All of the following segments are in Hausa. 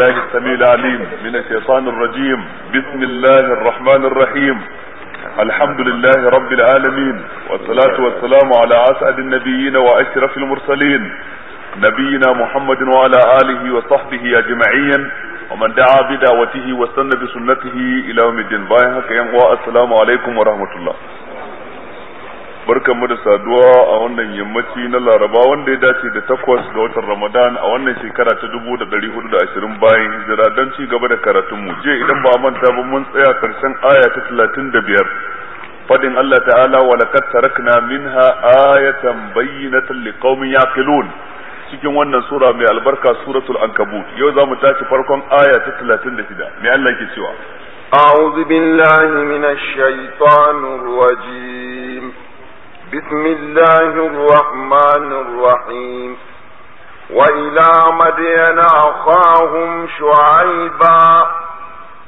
الله السميع العليم من الشيطان الرجيم بسم الله الرحمن الرحيم الحمد لله رب العالمين والصلاة والسلام على أسعد النبيين وأشرف المرسلين نبينا محمد وعلى آله وصحبه أجمعين ومن دعا بدعوته وسن بسنته إلى يوم الدين السلام عليكم ورحمة الله barkan mu da saduwa a wannan yammaci na laraba wanda ya dace da takwas ga watan ramadan a wannan shekara ta dubu da dari hudu da ashirin bayan hijira don ci gaba da karatun mu je idan ba manta ba mun tsaya karshen aya ta talatin da biyar fadin allah ta'ala wa laqad tarakna minha ayatan bayyinatan liqaumin yaqilun cikin wannan sura mai albarka suratul ankabut yau za mu tashi farkon aya ta talatin da shida mai allah ke cewa أعوذ بالله من الشيطان الرجيم بسم الله الرحمن الرحيم وإلى مدين أخاهم شعيبا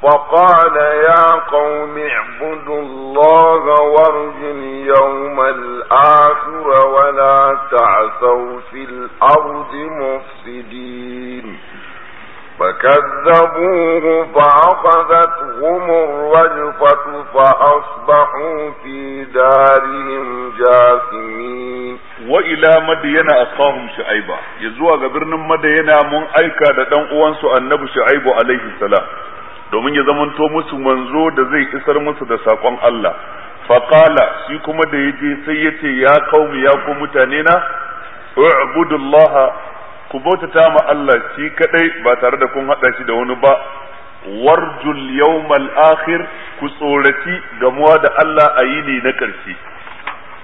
فقال يا قوم اعبدوا الله وارجوا اليوم الآخر ولا تعثوا في الأرض مفسدين فكذبوه فأخذتهم الرجفة فأصبحوا في دارهم جاثمين وإلى مدين أخاهم شعيبا يزوى قبرنا مدين من أيكا دان أوانسو النبي شعيب عليه السلام domin ya zamanto musu manzo da zai isar musu da saƙon Allah faƙala shi kuma da ya je sai ya ce ya kaumi ya ku mutane na u'budullaha ku bautata ma Allah shi kadai ba tare da kun hada shi da wani ba warjul yawmal akhir ku tsoraci gamuwa da Allah a yini na karshe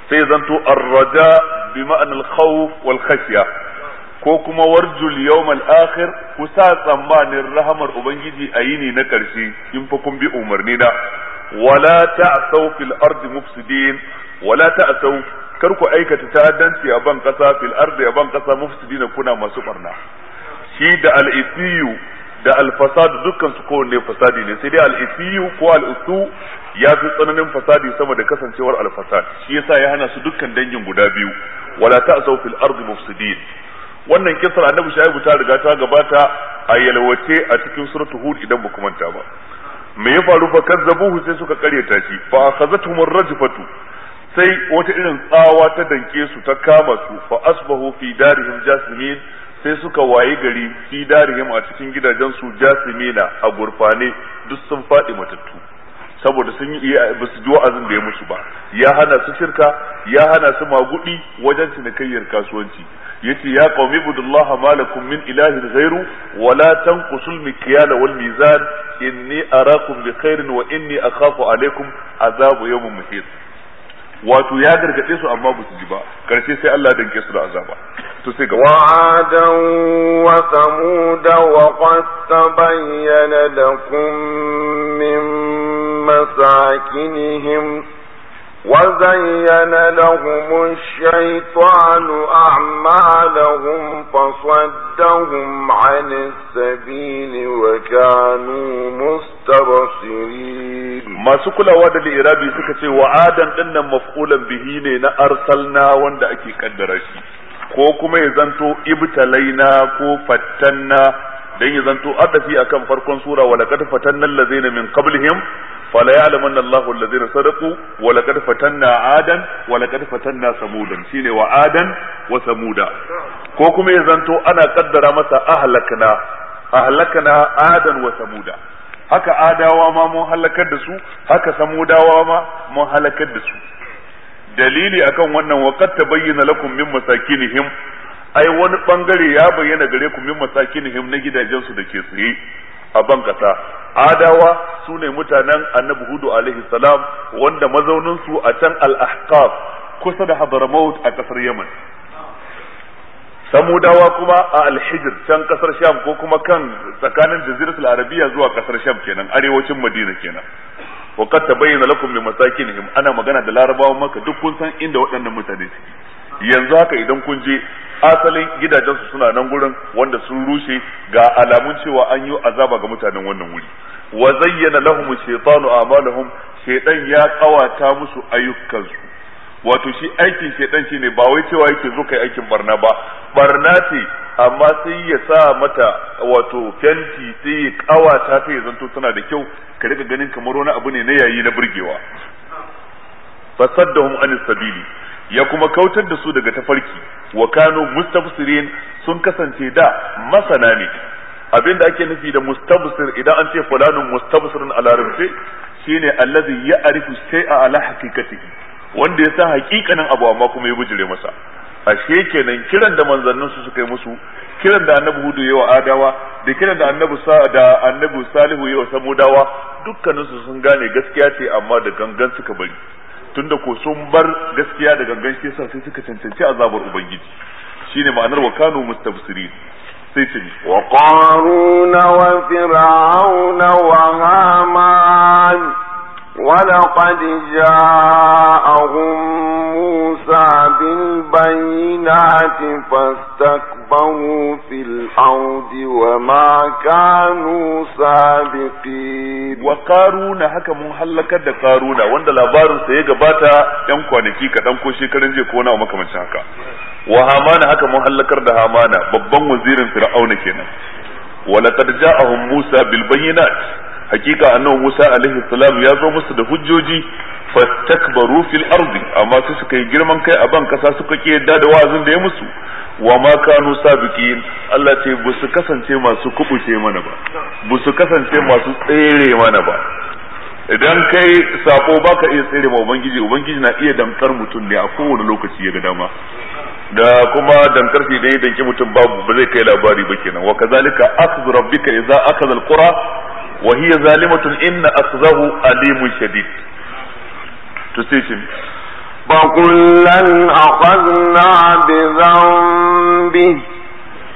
sai zanto arraja bi ma'anal khawf wal khashya ko kuma warjul yawmal akhir ku sa tsammanin rahamar ubangiji a yini na karshe in fa kun bi umarni na wala ta'saw fil ardi mufsidin wala ta'saw kar ku aikata ta'addanci a ban kasa fil ardi a ban kasa mufsidina kuna masu barna shi da al da al-fasad dukkan su kowanne fasadi ne sai dai al ko al ya fi tsananin fasadi sama da kasancewar al-fasad shi yasa ya hana su dukkan dangin guda biyu wala ta'sau fil ardi mufsidin wannan kisar annabi shaibu ta riga ta gabata a yalwace a cikin suratul hud idan ba manta ba me ya faru fa kazzabuhu sai suka ta shi fa khazatuhum ar-rajfatu sai wata irin tsawa ta danke su ta kama su fa asbahu fi darihim jasimin sai suka wayi gari fi darihim a cikin gidajen su jasimina a gurfane duk sun fadi matattu saboda sun yi ba su ji wa'azin da ya musu ba ya hana su shirka ya hana su magudi wajen cinikayyar kasuwanci yace ya qawmi budullaha malakum min ilahin ghairu wa la tanqusul mikyala wal mizan inni arakum bi khairin wa inni akhafu alaykum azabu yawmin muhit wato ya gargaɗe su amma ba su ji ba karshe sai Allah danke su da azaba to sai ga wa'adan wa samud wa qad tabayyana lakum min masakinihim وزين لهم الشيطان أعمالهم فصدهم عن السبيل وكانوا مستبصرين ما سكلا واد لإرابي سكتي وعادا إن مفعولا به لنا أرسلنا وند أكي قدرشي ko kuma ya zanto ibtalaina ko fattanna dan ya zanto adafi akan farkon sura wa laqad fatanna allazina min qablihim fala ya'lamanna Allahu alladhina sadaqu wa laqad fatanna adan wa laqad fatanna samudan shine wa adan wa samuda ko kuma ya zanto ana kaddara masa ahlakna ahlakna adan wa samuda haka adawa ma mun halakar da su haka samudawa ma mun halakar da su dalili akan wannan wa qad tabayyana lakum min masakinihim ai wani bangare ya bayyana gare ku min masakinihim na gidajensu da ke tsaye a bankasa adawa su ne mutanen annabi hudu alaihi salam wanda mazauninsu a can al-ahqaf kusa da hadramaut a kasar yaman samudawa kuma a alhijir can kasar sham ko kuma kan tsakanin jaziratul arabiya zuwa kasar sham kenan arewacin madina kenan wa qad tabayyana lakum li masakinihim ana magana da larabawa maka duk kun san inda waɗannan mutane suke yanzu haka idan kun je asalin gidajensu suna nan gurin wanda sun rushe ga alamun cewa an yi azaba ga mutanen wannan wuri wa zayyana lahum shaytanu a'malahum shaytan ya kawata musu ayyukansu wato shi aikin shaytan shine ba wai cewa yake zo kai aikin barna ba barna ce amma sai ya sa mata wato fenti sai ƙawata kawata ta ya zanto tana da kyau ka rika ganin kamar wani abu ne na yayi na burgewa fasaddahum anis sabili ya kuma kautar da su daga tafarki wa kanu mustafsirin sun kasance da masana ne abinda ake nufi da mustafsir idan an ce fulanun mustafsirin a larabce shine allazi ya arifu a ala hakikati wanda ya san hakikanin abu amma kuma ya bujire masa ashe kenan kiran da manzannin su suka yi musu kiran da annabi hudu yawa adawa da kiran da annabi sa da annabi salihu yawa samudawa dukkanin sun gane gaskiya ce amma da gangan suka bari tunda ko sun bar gaskiya da gangan shi yasa sai suka cancanci azabar ubangiji shine ma'anar wa kanu mustabsirin sai ce wa qaruna wa fir'auna wa ولقد جاءهم موسى بالبينات فاستكبروا في الأرض وما كانوا سابقين وقارون هكا من هلك قارون واند لابار سيجا باتا يمكو ينكو نكيكا تنكو شكرا كونا ومكا من شاكا وهامان هكا من هلك هامان ببن وزير فرعون كينا ولقد جاءهم موسى بالبينات hakika annabi Musa alaihi salam ya zo musu da hujjoji fastakbaru fil ardi amma su suka yi girman kai a ban kasa suka ke yadda da wa'azin da ya musu wa ma kanu sabiqin Allah ce bu su kasance masu kubuce mana ba bu su kasance masu tsere mana ba idan kai sako baka iya tsere ma ubangiji ubangiji na iya damkar mutum ne a kowane lokaci ya ga dama da kuma dankar shi dai danki mutum babu ba zai kai labari ba kenan wa kazalika akhdhu rabbika idza akhadha alqura wa hiya zalimatun inna akhdahu alimun shadid to sai shi ba kullan akhadna bi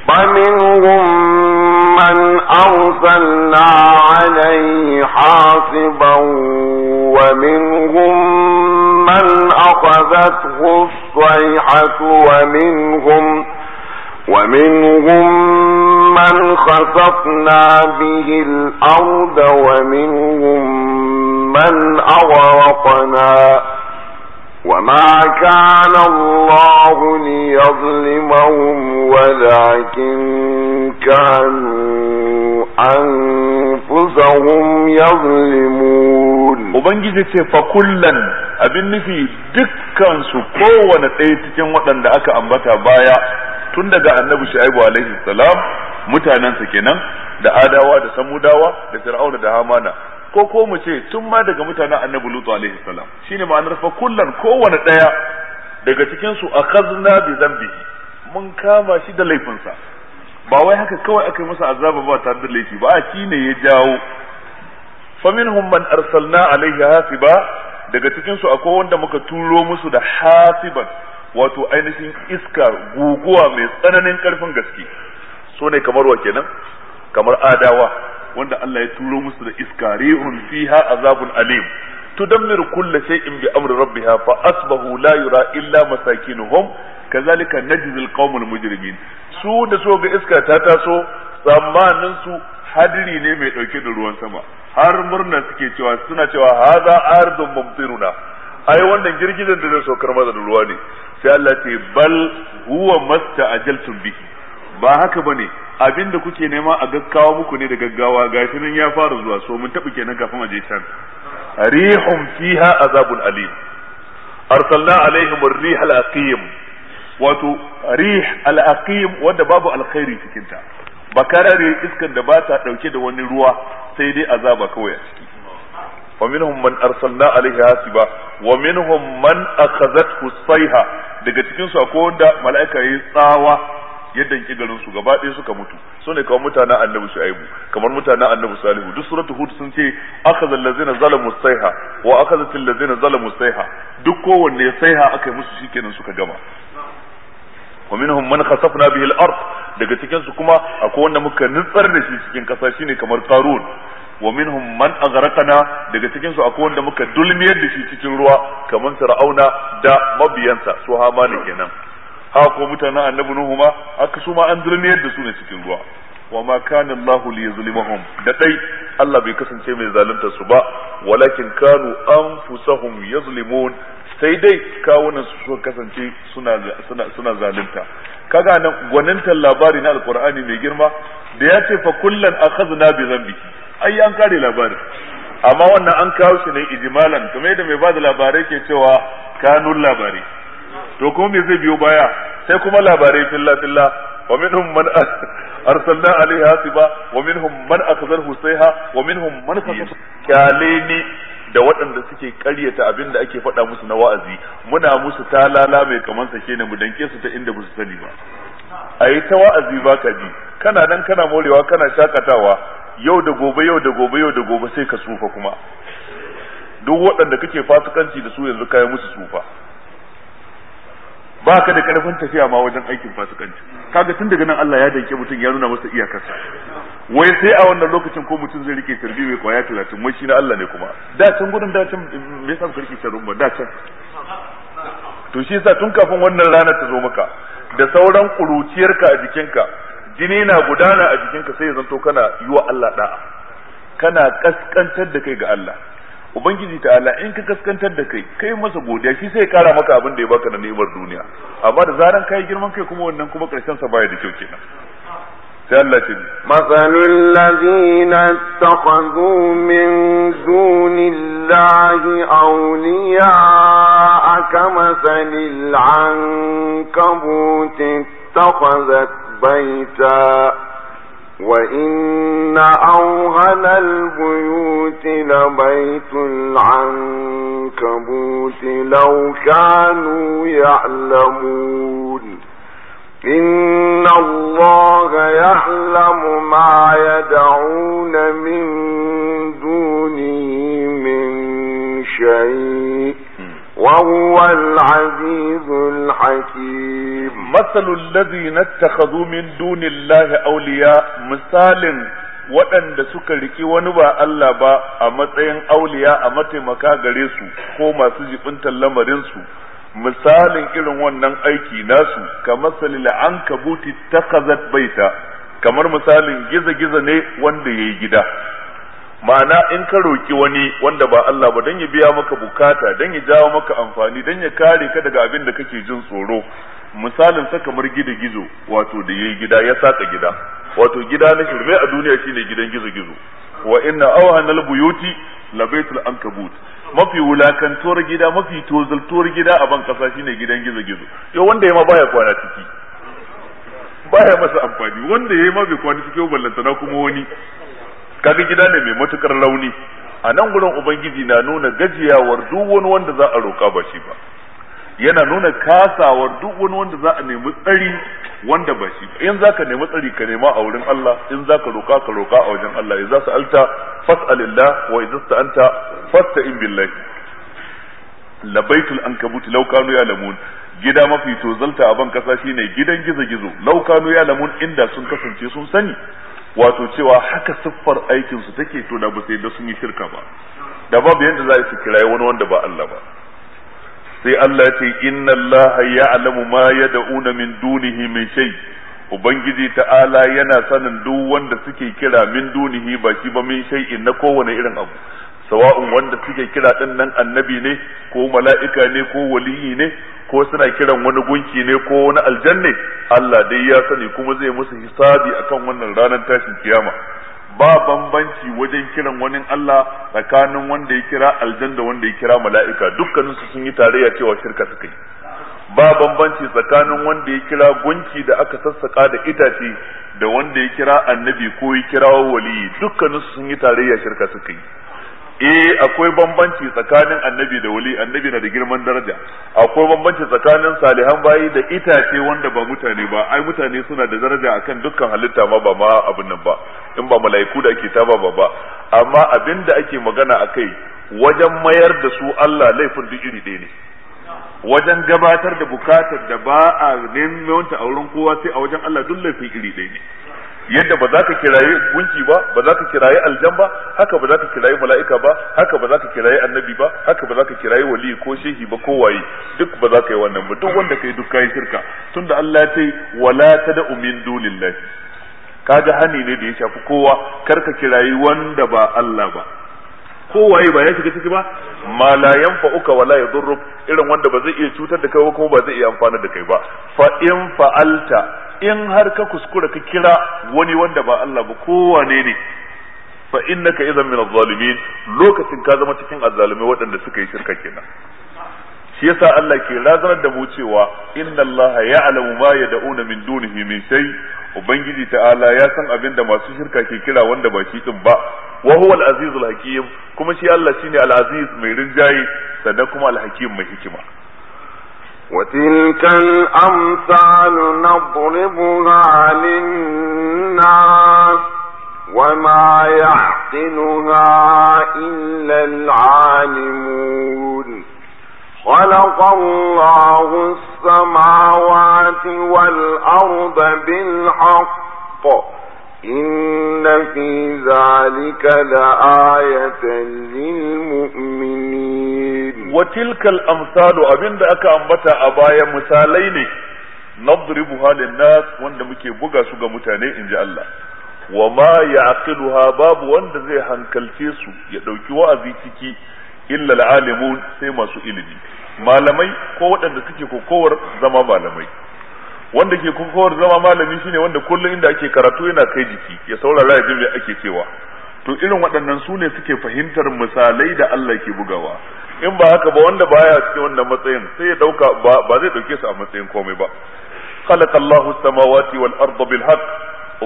ومنهم من أرسلنا عليه حاصبا ومنهم من أخذته الصيحة ومنهم ومنهم من خسفنا به الأرض ومنهم من أغرقنا وما كان الله ليظلمهم ولكن كانوا أنفسهم يظلمون وبنجي فكلا abin nufi dukkansu kowane ɗaya cikin waɗanda aka ambata baya tun daga annabi shu'aibu alaihi salam mutanensa kenan da adawa da samudawa da fir'auna da hamana ko ko mu ce tun ma daga mutanen annabi lutu alaihi salam shine ma'anar fa kullan kowane daya daga cikin su akhadna bi dhanbi mun kama shi da laifinsa ba wai haka kawai aka yi masa azaba ba tare da laifi ba shi ne ya jawo fa minhum man arsalna alaihi hasiba daga cikin su akwai wanda muka turo musu da hasiban wato ainihin iska guguwa mai tsananin karfin gaske so ne kamar wa kenan kamar adawa wanda Allah ya turo musu da iska fiha azabun alim tudammiru sai shay'in bi amri rabbiha fa asbahu la yura illa masakinuhum kazalika najzi alqawmul mujrimin su da so ga iska ta taso tsammanin su hadiri ne mai dauke da ruwan sama har murna suke cewa suna cewa hadha ardun mumtiruna ai wannan girgizan da zai saukar maza da ruwa ne sai Allah ce bal huwa masta ajaltum bihi ba haka bane abin da kuke nema a gaggawa muku ne da gaggawa gashi nan ya fara zuwa so mun tabi kenan kafin a je can rihum fiha azabun Ali. arsalna alaihim arrih alaqim al-aqim wato rih alaqim wanda babu alkhairi cikin ta ne iskan da ba ta dauke da wani ruwa sai dai azaba kawai a ciki Wa man arsalna أرسلنا hasiba wa minhum man أخذته الصيحة daga cikin su akwai wanda mala'ika yayi tsawa ya danki garin su gaba ɗaya suka mutu ne kamar mutanen annabi shu'aibu kamar mutanen annabi salihu duk suratu hud sun ce akhadha allazina zalamu sayha wa akhadhat allazina zalamu sayha duk kowanne saiha aka yi musu shikenan suka gama wa minhum man khasafna bihi al-ard daga cikin su kuma akwai wanda muka nutsar da shi cikin kasa shine kamar qarun wa minhum man aghraqna daga cikin su akwai wanda muka dulmiyar da shi cikin ruwa kamar fir'auna da mabiyansa su hamana kenan ha ko mutanen annabi nuhu ma aka su ma an zurniyar da su ne cikin ruwa wa ma kana Allahu li yuzlimahum da dai Allah bai kasance mai zalunta su ba walakin kanu anfusahum yuzlimun sai dai kawunan su suka kasance suna suna suna zalunta kaga nan gwanintan labari na alqur'ani mai girma da ya ce fa kullan akhadna bi biki ai an kare labarin amma wannan an kawo shi ne ijimalan kamar yadda mai bada labarai ke cewa kanun labari. to kuma me zai biyo baya sai kuma labarai filla filla wa minhum man arsalna alaiha hasiba wa minhum man akhadhahu husayha wa minhum man kalini da waɗanda suke ƙaryata abin da ake faɗa musu na wa'azi muna musu talala mai kaman sake ne mu danke su ta inda musu sani ba ayi ta wa'azi ba ka ji kana nan kana morewa kana shakatawa yau da gobe yau da gobe yau da gobe sai ka tsufa kuma duk waɗanda kake fasikanci da su yanzu kaya musu tsufa ba ka da karfin tafiya ma wajen aikin fasikanci kaga tun daga nan Allah ya danke mutum ya nuna masa iyakarsa wai sai a wannan lokacin ko mutum zai rike tarbi mai kwaya talatin mai shi na Allah ne kuma da can gudun da can me yasa ka rike ba da can to shi yasa tun kafin wannan ranar ta zo maka da sauran kuruciyarka a jikinka jini na gudana a jikinka sai ya zanto kana yiwa Allah da'a kana kaskantar da kai ga Allah ubangiji ta'ala in ka kaskantar da kai kai masa godiya shi sai kara maka abin da ya baka na ni'imar duniya amma da zaran kai girman kai kuma wannan kuma karshen sa baya da kyau kenan sai Allah ce masalul ladina takhadhu min dunillahi awliya sanil ankabut takhazat baita وإن أوهن البيوت لبيت العنكبوت لو كانوا يعلمون إن الله يعلم ما يدعون من دونه من شيء وهو العزيز الحكيم masalul ladina takhadhu min dunillahi awliya misalin waɗanda suka riki wani ba Allah ba a matsayin auliya a mataimaka gare su ko masu jibintar lamarin su misalin irin wannan aiki nasu kamar salil ankabuti takhazat baita kamar misalin giza-giza ne wanda yayi gida ma'ana in ka roki wani wanda ba Allah ba dan ya biya maka bukata dan ya jawo maka amfani dan ya kare ka daga abin da kake jin tsoro misalin sa kamar gida gizo wato da yayi gida ya saka gida wato gida na shirme a duniya shine gidan gizo gizo wa inna awhanal buyuti labaitul ankabut mafi wulakantuwar gida mafi tozaltuwar gida a ban kasa shine gidan gizo gizo yo wanda ya ma baya kwana ciki baya masa amfani wanda ya ma bai kwana ciki ballantana kuma wani kaga gida ne mai matukar launi a nan gurin ubangiji na nuna gajiyawar duk wani wanda za a roka ba shi ba yana nuna kasawar duk wani wanda za a nemi tsari wanda ba shi in za ka nemi tsari ka nema a wurin Allah in za ka roƙa ka roƙa a wajen Allah in za su alta fas'alillah wa idza sta'anta fasta'in billahi labaitul ankabut law kanu ya'lamun gida mafi zalta a ban kasa shine gidan gizo-gizo law kanu ya'lamun inda sun kasance sun sani wato cewa haka siffar aikin su take to da ba sai da sun yi shirka ba da babu yanda za su kirayi wani wanda ba Allah ba sai Allah ya ce inna Allah ya'lamu ma yad'una min dunihi min shay ubangiji ta'ala yana sanin duk wanda suke kira min dunihi ba shi ba min in na kowane irin abu sawa'un wanda suke kira din nan annabi ne ko mala'ika ne ko waliyi ne ko suna kiran wani gunki ne ko wani aljanne Allah dai ya sani kuma zai musu hisabi akan wannan ranar tashin kiyama ba bambanci wajen kiran wani Allah tsakanin wanda ya kira aljan da wanda ya kira mala'ika dukkanin su sun yi tarayya cewa shirka suka yi ba bambanci tsakanin wanda ya kira gunki da aka sassaka da itace da wanda ya kira annabi ko ya kira wali dukkanin su sun yi tarayya shirka suka yi eh akwai bambanci tsakanin annabi da wali annabi na da girman daraja akwai bambanci tsakanin salihan bayi da itace wanda ba mutane ba ai mutane suna da daraja akan dukkan halitta ma ba ma abin nan ba in ba mala'iku da ake taba ba ba amma abin da ake magana akai wajen mayar da su Allah laifin duk iri ɗaya ne wajen gabatar da bukatar da ba a neman ta a wurin kowa sai a wajen Allah duk laifin iri ɗaya ne yadda ba za ka kiraye gunki ba ba za ka kiraye aljan ba haka ba za ka kiraye mala'ika ba haka ba za ka kiraye annabi ba haka ba za ka kiraye wali ko shehi ba ko waye duk ba za ka yi wannan ba duk wanda kai duk kai shirka tunda Allah ya ce wala tad'u min dunillahi kaga hani ne da ya shafi kowa kar ka kirayi wanda ba Allah ba kowaye ba ya shiga ciki ba ma la yanfa'uka wala yadurruk irin wanda ba zai iya cutar da kai ba kuma ba zai iya amfana da kai ba fa in fa'alta in har ka kuskura ka kira wani wanda ba Allah ba kowane ne fa innaka idan min zalimin lokacin ka zama cikin azzalimai waɗanda suka yi shirka kenan shi yasa Allah ke razanar da mu cewa inna Allah ya'lamu ma yad'una min dunihi min shay ubangiji ta'ala ya san abin da masu shirka ke kira wanda ba shi din ba wa huwa al-azizul hakim kuma shi Allah shine al-aziz mai rinjaye sannan kuma al-hakim mai hikima وتلك الأمثال نضربها للناس وما يعقلها إلا العالمون خلق الله السماوات والأرض بالحق إن في ذلك لآية للمؤمنين Watilkal tilkal abin da aka ambata a baya misalai ne nadribuha linnas wanda muke buga su ga mutane in ji Allah wa ma ya'qiluha babu wanda zai hankalce su ya dauki wa'azi ciki illa alalimun sai masu ilimi malamai ko waɗanda suke kokowar zama malamai wanda ke kokowar zama malami shine wanda kullum inda ake karatu yana kai jiki ya saurara ya ji me ake cewa to irin waɗannan su ne suke fahimtar misalai da Allah ke bugawa in ba haka ba wanda baya cikin wannan matsayin sai ya dauka ba zai dauke su a matsayin komai ba khalaqa Allahu samawati wal arda bil haqq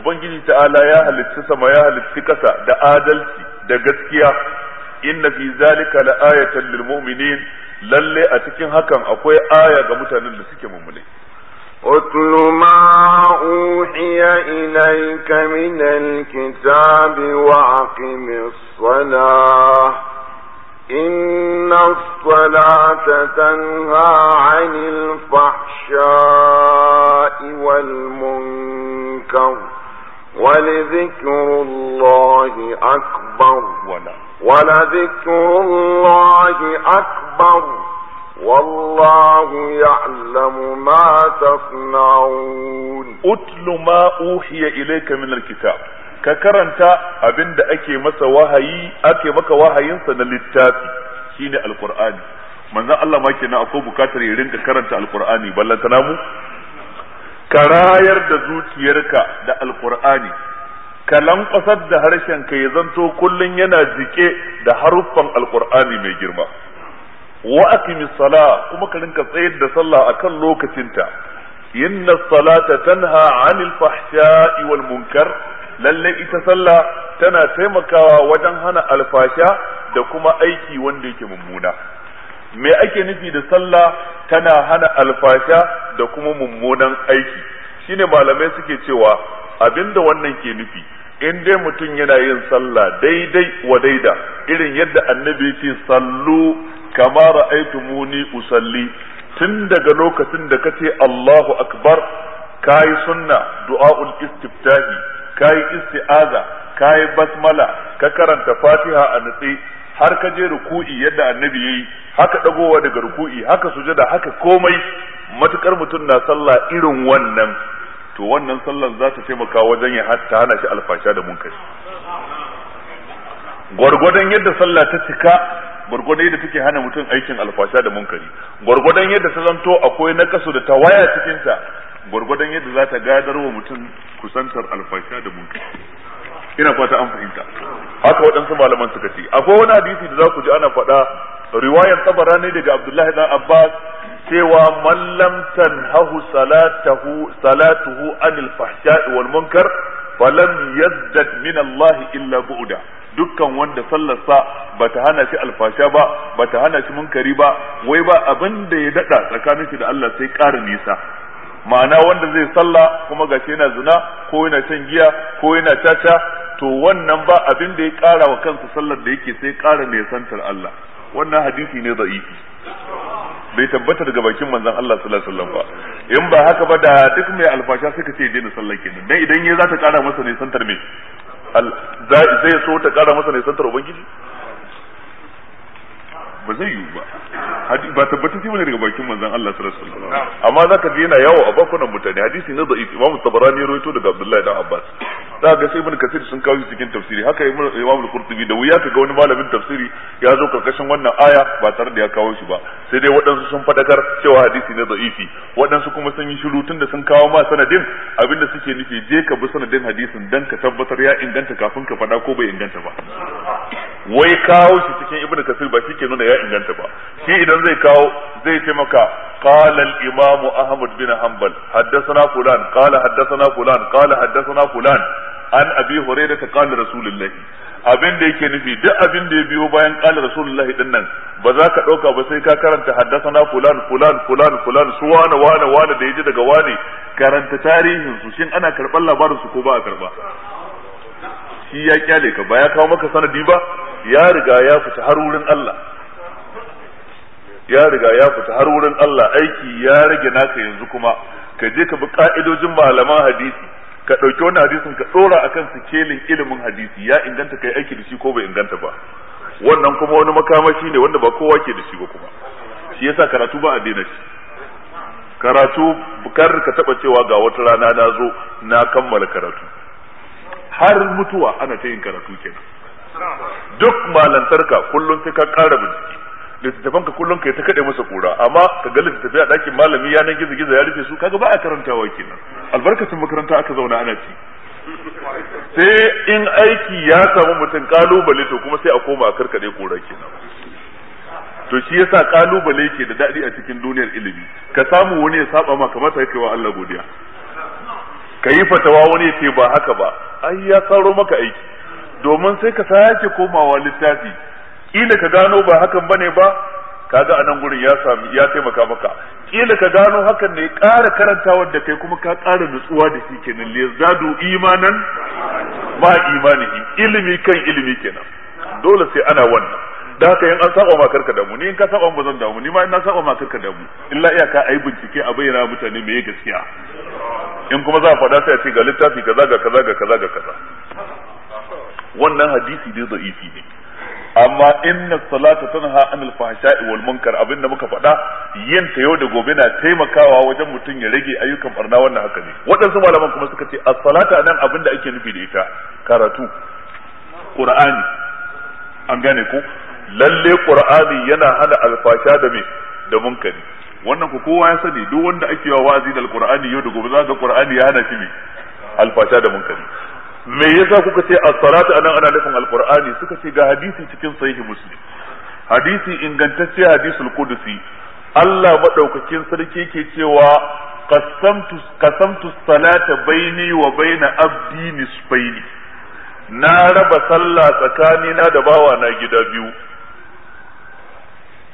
ubangiji ta'ala ya halitta sama ya halitta kasa da adalci da gaskiya inna fi zalika la ayatan lil mu'minin lalle a cikin hakan akwai aya ga mutanen da suke mummune أتل ما أوحي إليك من الكتاب وأقم الصلاة إن الصلاة تنهى عن الفحشاء والمنكر ولذكر الله أكبر ولذكر الله أكبر والله يعلم ما تصنعون اتل ما اوحي اليك من الكتاب ka karanta abin da ake masa wahayi ake maka wahayinsa na littafi shine alqur'ani manzon Allah ma kenan akwai bukatar ya rinka karanta alqur'ani ballanta namu karayar da zuciyarka da alqur'ani ka lankwasar da harshen ka ya zanto kullun yana jike da haruffan alqur'ani mai girma wa aqimis sala kuma ka rinka tsayar da sallah akan lokacinta inna salata tanha anil fahsha'i wal munkar lalle ita sallah tana taimakawa wajen hana alfasha da kuma aiki wanda yake mummuna me ake nufi da sallah tana hana alfasha da kuma mummunan aiki shine malamai suke cewa abinda wannan ke nufi in dai mutum yana yin sallah daidai wa daida irin yadda annabi ce sallu kama muni usalli tun daga lokacin da kace Allahu akbar kai sunna du'aul istiftahi kai isti'aza kai basmala ka karanta Fatiha a nutsi har ka je ruku'i yadda annabi yayi haka dagowa daga ruku'i haka sujada haka komai matukar mutum na sallah irin wannan to wannan sallar za ta taimaka wajen ya hatta hana shi alfasha da munkari gwargwadon yadda sallah ta cika gwargwadon yadda take hana mutum aikin alfasha da munkari gwargwadon yadda ta zanto akwai nakasu da tawaya cikin ta gwargwadon yadda za ta gadar wa mutum kusantar alfasha da munkari ina fata an fahimta haka waɗansu malaman suka ce akwai wani hadisi da za ku ji ana faɗa riwayan tabara ne daga abdullahi dan abbas cewa man lam tanhahu salatahu salatuhu anil fahsha'i wal munkar falam yazdad min allah illa bu'da dukkan wanda sallarsa ba ta hana shi alfasha ba ba ta hana shi munkari ba wai ba abin da ya daɗa tsakanin shi da Allah sai ƙara nisa ma'ana wanda zai salla kuma ga shi yana zina ko yana shan giya ko yana caca to wannan ba abin da ya ƙara wa kansa sallar da yake sai ƙara nisantar Allah wannan hadisi ne da'ifi bai tabbata daga bakin manzon Allah sallallahu alaihi wasallam ba in ba haka ba da duk mai alfasha suka ce daina sallar kenan dan idan ya zata ta ƙara masa nisantar me zai so ta kara masa ne santar ubangiji ba zai yiwu ba ba tabbatacce bane daga bakin manzon Allah sallallahu alaihi wasallam amma zaka ji yana yawo a bakunan mutane hadisi na da'if Imam Tabarani ya rawaito daga Abdullahi dan Abbas da ga sai Ibn Kathir sun kawo shi cikin tafsiri haka Imam Al-Qurtubi da wuya ka ga wani malamin tafsiri ya zo karkashin wannan aya ba tare da ya kawo shi ba sai dai waɗansu sun fadakar cewa hadisi na da'ifi waɗansu kuma sun yi shiru tun da sun kawo ma sanadin abinda suke nufi je ka bi sanadin hadisin dan ka tabbatar ya inganta kafin ka fada ko bai inganta ba wai kawo shi cikin ibnu kasir ba shi ke nuna ya inganta ba shi idan zai kawo zai ce maka qala al imam ahmad bin hanbal haddathana fulan qala haddathana fulan qala haddathana fulan an abi hurairah qala rasulullah abin da yake nufi duk abin da ya biyo bayan qala rasulullahi din nan ba za ka dauka ba sai ka karanta haddathana fulan fulan fulan fulan su wani ya ji da yaji daga wani karanta tarihin su shin ana karban labarin su ko ba a karba shi ya kyale ka ba ya kawo maka sanadi ba ya riga ya fita har wurin Allah ya riga ya fita har wurin Allah aiki ya rage naka yanzu kuma ka je ka bi ka'idojin malaman hadisi ka ɗauki wani hadisin ka ɗora akan sikelin ilimin hadisi ya inganta kai aiki da shi ko bai inganta ba wannan kuma wani makamashi ne wanda ba kowa ke da shi ba kuma shi yasa karatu ba a daina shi karatu kar ka taba cewa ga wata rana na zo na kammala karatu har mutuwa ana ta yin karatu kenan duk malantarka kullum sai ka ƙara bincike littattafan ka kullum kai ta kade masa kura amma ka ga littattafai a ɗakin malami yanan gizo gizo ya rufe su kaga ba a karantawa kenan albarkacin makaranta aka zauna ana ci sai in aiki ya samu mutum kalubale to kuma sai a koma a karkade kura kenan to shi yasa kalubale ke da daɗi a cikin duniyar ilimi ka samu wani ya saba ma kamata ya wa Allah godiya ka yi fatawa wani ya ce ba haka ba ai ya karo maka aiki domin sai ka sake komawa littafi kila ka gano ba hakan bane ba kaga a nan gurin ya sami ya taimaka maka kila ka gano hakan ne ƙara karantawa da kai kuma ka ƙara nutsuwa da shi kenan li zadu imanan ma imanihi ilimi kan ilimi kenan dole sai ana wannan da haka yin an saba ma karka damu ni in ka saba ba zan damu ni ma in saba ma karka damu illa ka ai bincike a bayyana mutane me gaskiya in kuma za a faɗa sai a ce ga littafi kaza ga kaza ga kaza ga kaza wannan hadisi da da'ifi ne amma inna salata tanha anil fahsha'i wal munkar abinda muka faɗa yin ta yau da gobe na taimakawa wajen mutum ya rage ayyukan barna wannan haka ne waɗansu malaman kuma suka ce as-salata nan abinda ake nufi da ita karatu qur'ani an gane ku lalle qur'ani yana hana alfasha da me da munkari wannan ku kowa ya sani duk wanda ake wa wa'azi da alqur'ani yau da gobe za ga qur'ani ya hana shi me alfasha da munkari me yasa kuka ce as-salatu anan ana nufin al-qur'ani suka ce ga hadisi cikin sahih muslim hadisi ingantacce hadisul qudsi Allah madaukakin sarki ke cewa qasamtu qasamtu salata baini wa baina abdi nisfaini na raba sallah tsakanina da bawa na gida biyu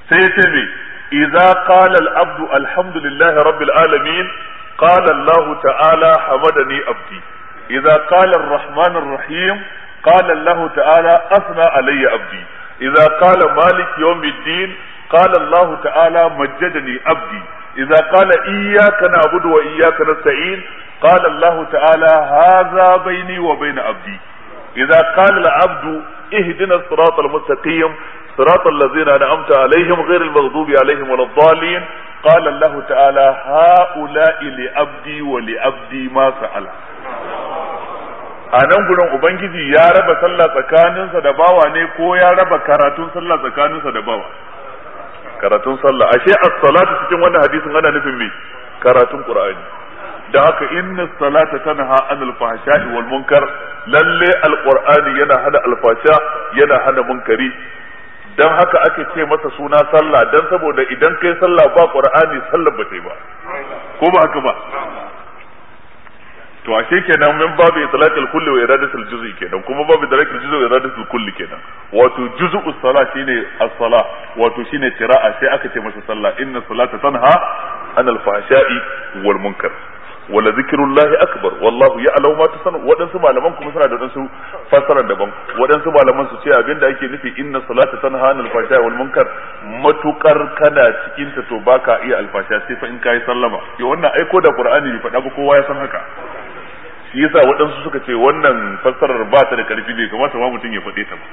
sai ce me idza qala al-abdu alhamdulillahi rabbil alamin qala Allah ta'ala hamadani abdi idza qala ar-rahman ar-rahim qala ta'ala asna alayya abdi idza qala malik yawmiddin qala Allah ta'ala majjadani abdi idza qala iyyaka na'budu wa iyyaka nasta'in qala Allah ta'ala hadha bayni wa bayn abdi idza qala abdu ihdina as-sirata al-mustaqim صراط الذين أنعمت عليهم غير المغضوب قال الله تعالى هؤلاء لأبدي ولأبدي ما سأل a nan gurin ubangiji ya raba sallah tsakaninsa da bawa ne ko ya raba karatun sallah tsakaninsa da bawa karatun sallah ashe as-salatu cikin wannan hadisin ana nufin me karatun qur'ani da haka inna salata tanha anil fahsha'i wal munkar lalle al al-qur'ani yana hana alfasha yana hana munkari dan haka ake ce masa suna sallah dan saboda idan kai sallah ba qur'ani sallah ba ba ko ba haka ba to ashe kenan min babu salatul kulli wa iradatul juz'i kenan kuma babu darakul juz'i wa iradatul kulli kenan wato juz'u salah shine as-salah wato shine qira'a sai aka ce masa sallah inna salata tanha anil fahsha'i wal munkar wala zikirullahi akbar wallahu ya'lamu ma tasanu wadansu malaman kuma suna da wadansu fasaran daban wadansu malaman su ce abinda ake nufi inna salata tanha anil fasha wal munkar matukar kana cikin ta to baka iya alfasha sai fa in kai sallama yo wannan aiko da qur'ani bai faɗa ba kowa ya san haka shi yasa waɗansu suka ce wannan fasarar ba ta da karfi bai kamata ma mutum ya faɗe ta ba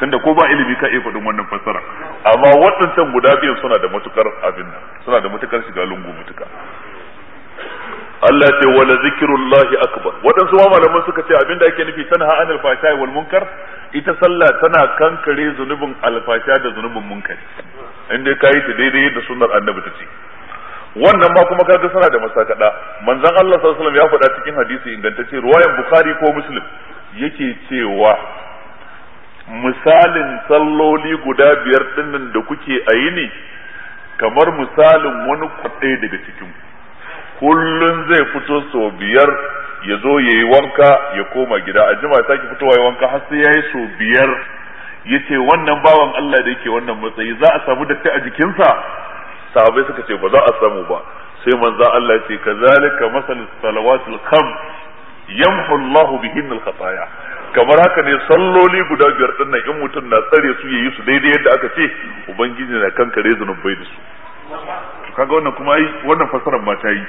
tunda ko ba ilimi ka iya faɗin wannan fasara amma waɗancan guda biyan suna da matukar abin suna da matukar shiga lungu mutuka Allah ce wala zikrullahi akbar waɗansu ma malaman suka ce abinda ake nufi tanha anil fahsha wal munkar ita sallah tana kankare zunubin alfasha da zunubin munkari inda kai ta daidai da sunnar annabi ta ce wannan ma kuma kaga suna da masakada manzon Allah sallallahu alaihi ya faɗa cikin hadisi ingantacce ruwayan bukhari ko muslim yake cewa misalin salloli guda biyar dinnan da kuke a yini kamar misalin wani kwaɗe daga cikin ku kullun zai fito sau biyar ya zo ya yi wanka ya koma gida a jima sake fitowa ya wanka har sai ya yi sau biyar ya ce wannan bawan Allah da yake wannan matsayi za a samu datti a jikinsa sahabai suka ce ba za a samu ba sai manzo Allah ya ce kazalika masal salawatul kham yamhu Allahu bihin al khataya kamar haka ne salloli guda biyar din nan in mutum na tsare su yayi su daidai yadda aka ce ubangiji na kankare zanubai da su kaga wannan kuma ai wannan fasarar ma ta yi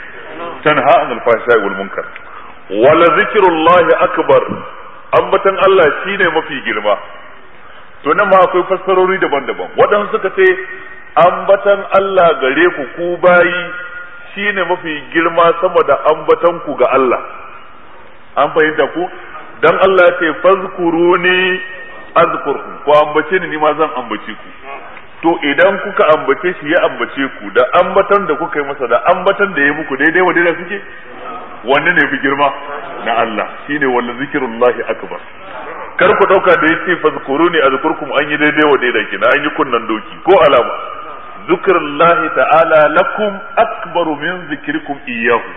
tanha an wal munkar wala zikrullahi akbar ambatan Allah shine mafi girma to nan ma akwai fasarori daban-daban waɗansu suka ce ambatan Allah gare ku ku bayi shine mafi girma sama da ambatan ku ga Allah an fahimta ku dan Allah ya ce fazkuruni azkurkum ku ambace ni ma zan ambace ku to idan kuka ambace shi ya ambace ku da ambatan da kuka yi masa da ambatan da ya muku daidai wa daidai suke wanne ne fi girma na Allah shine zikirun zikirullahi akbar kar ku dauka da yace fazkuruni azkurkum an yi daidai wa daidai na an yi kunnan doki ko alama zikrullahi ta'ala lakum akbaru min zikrikum iyyahu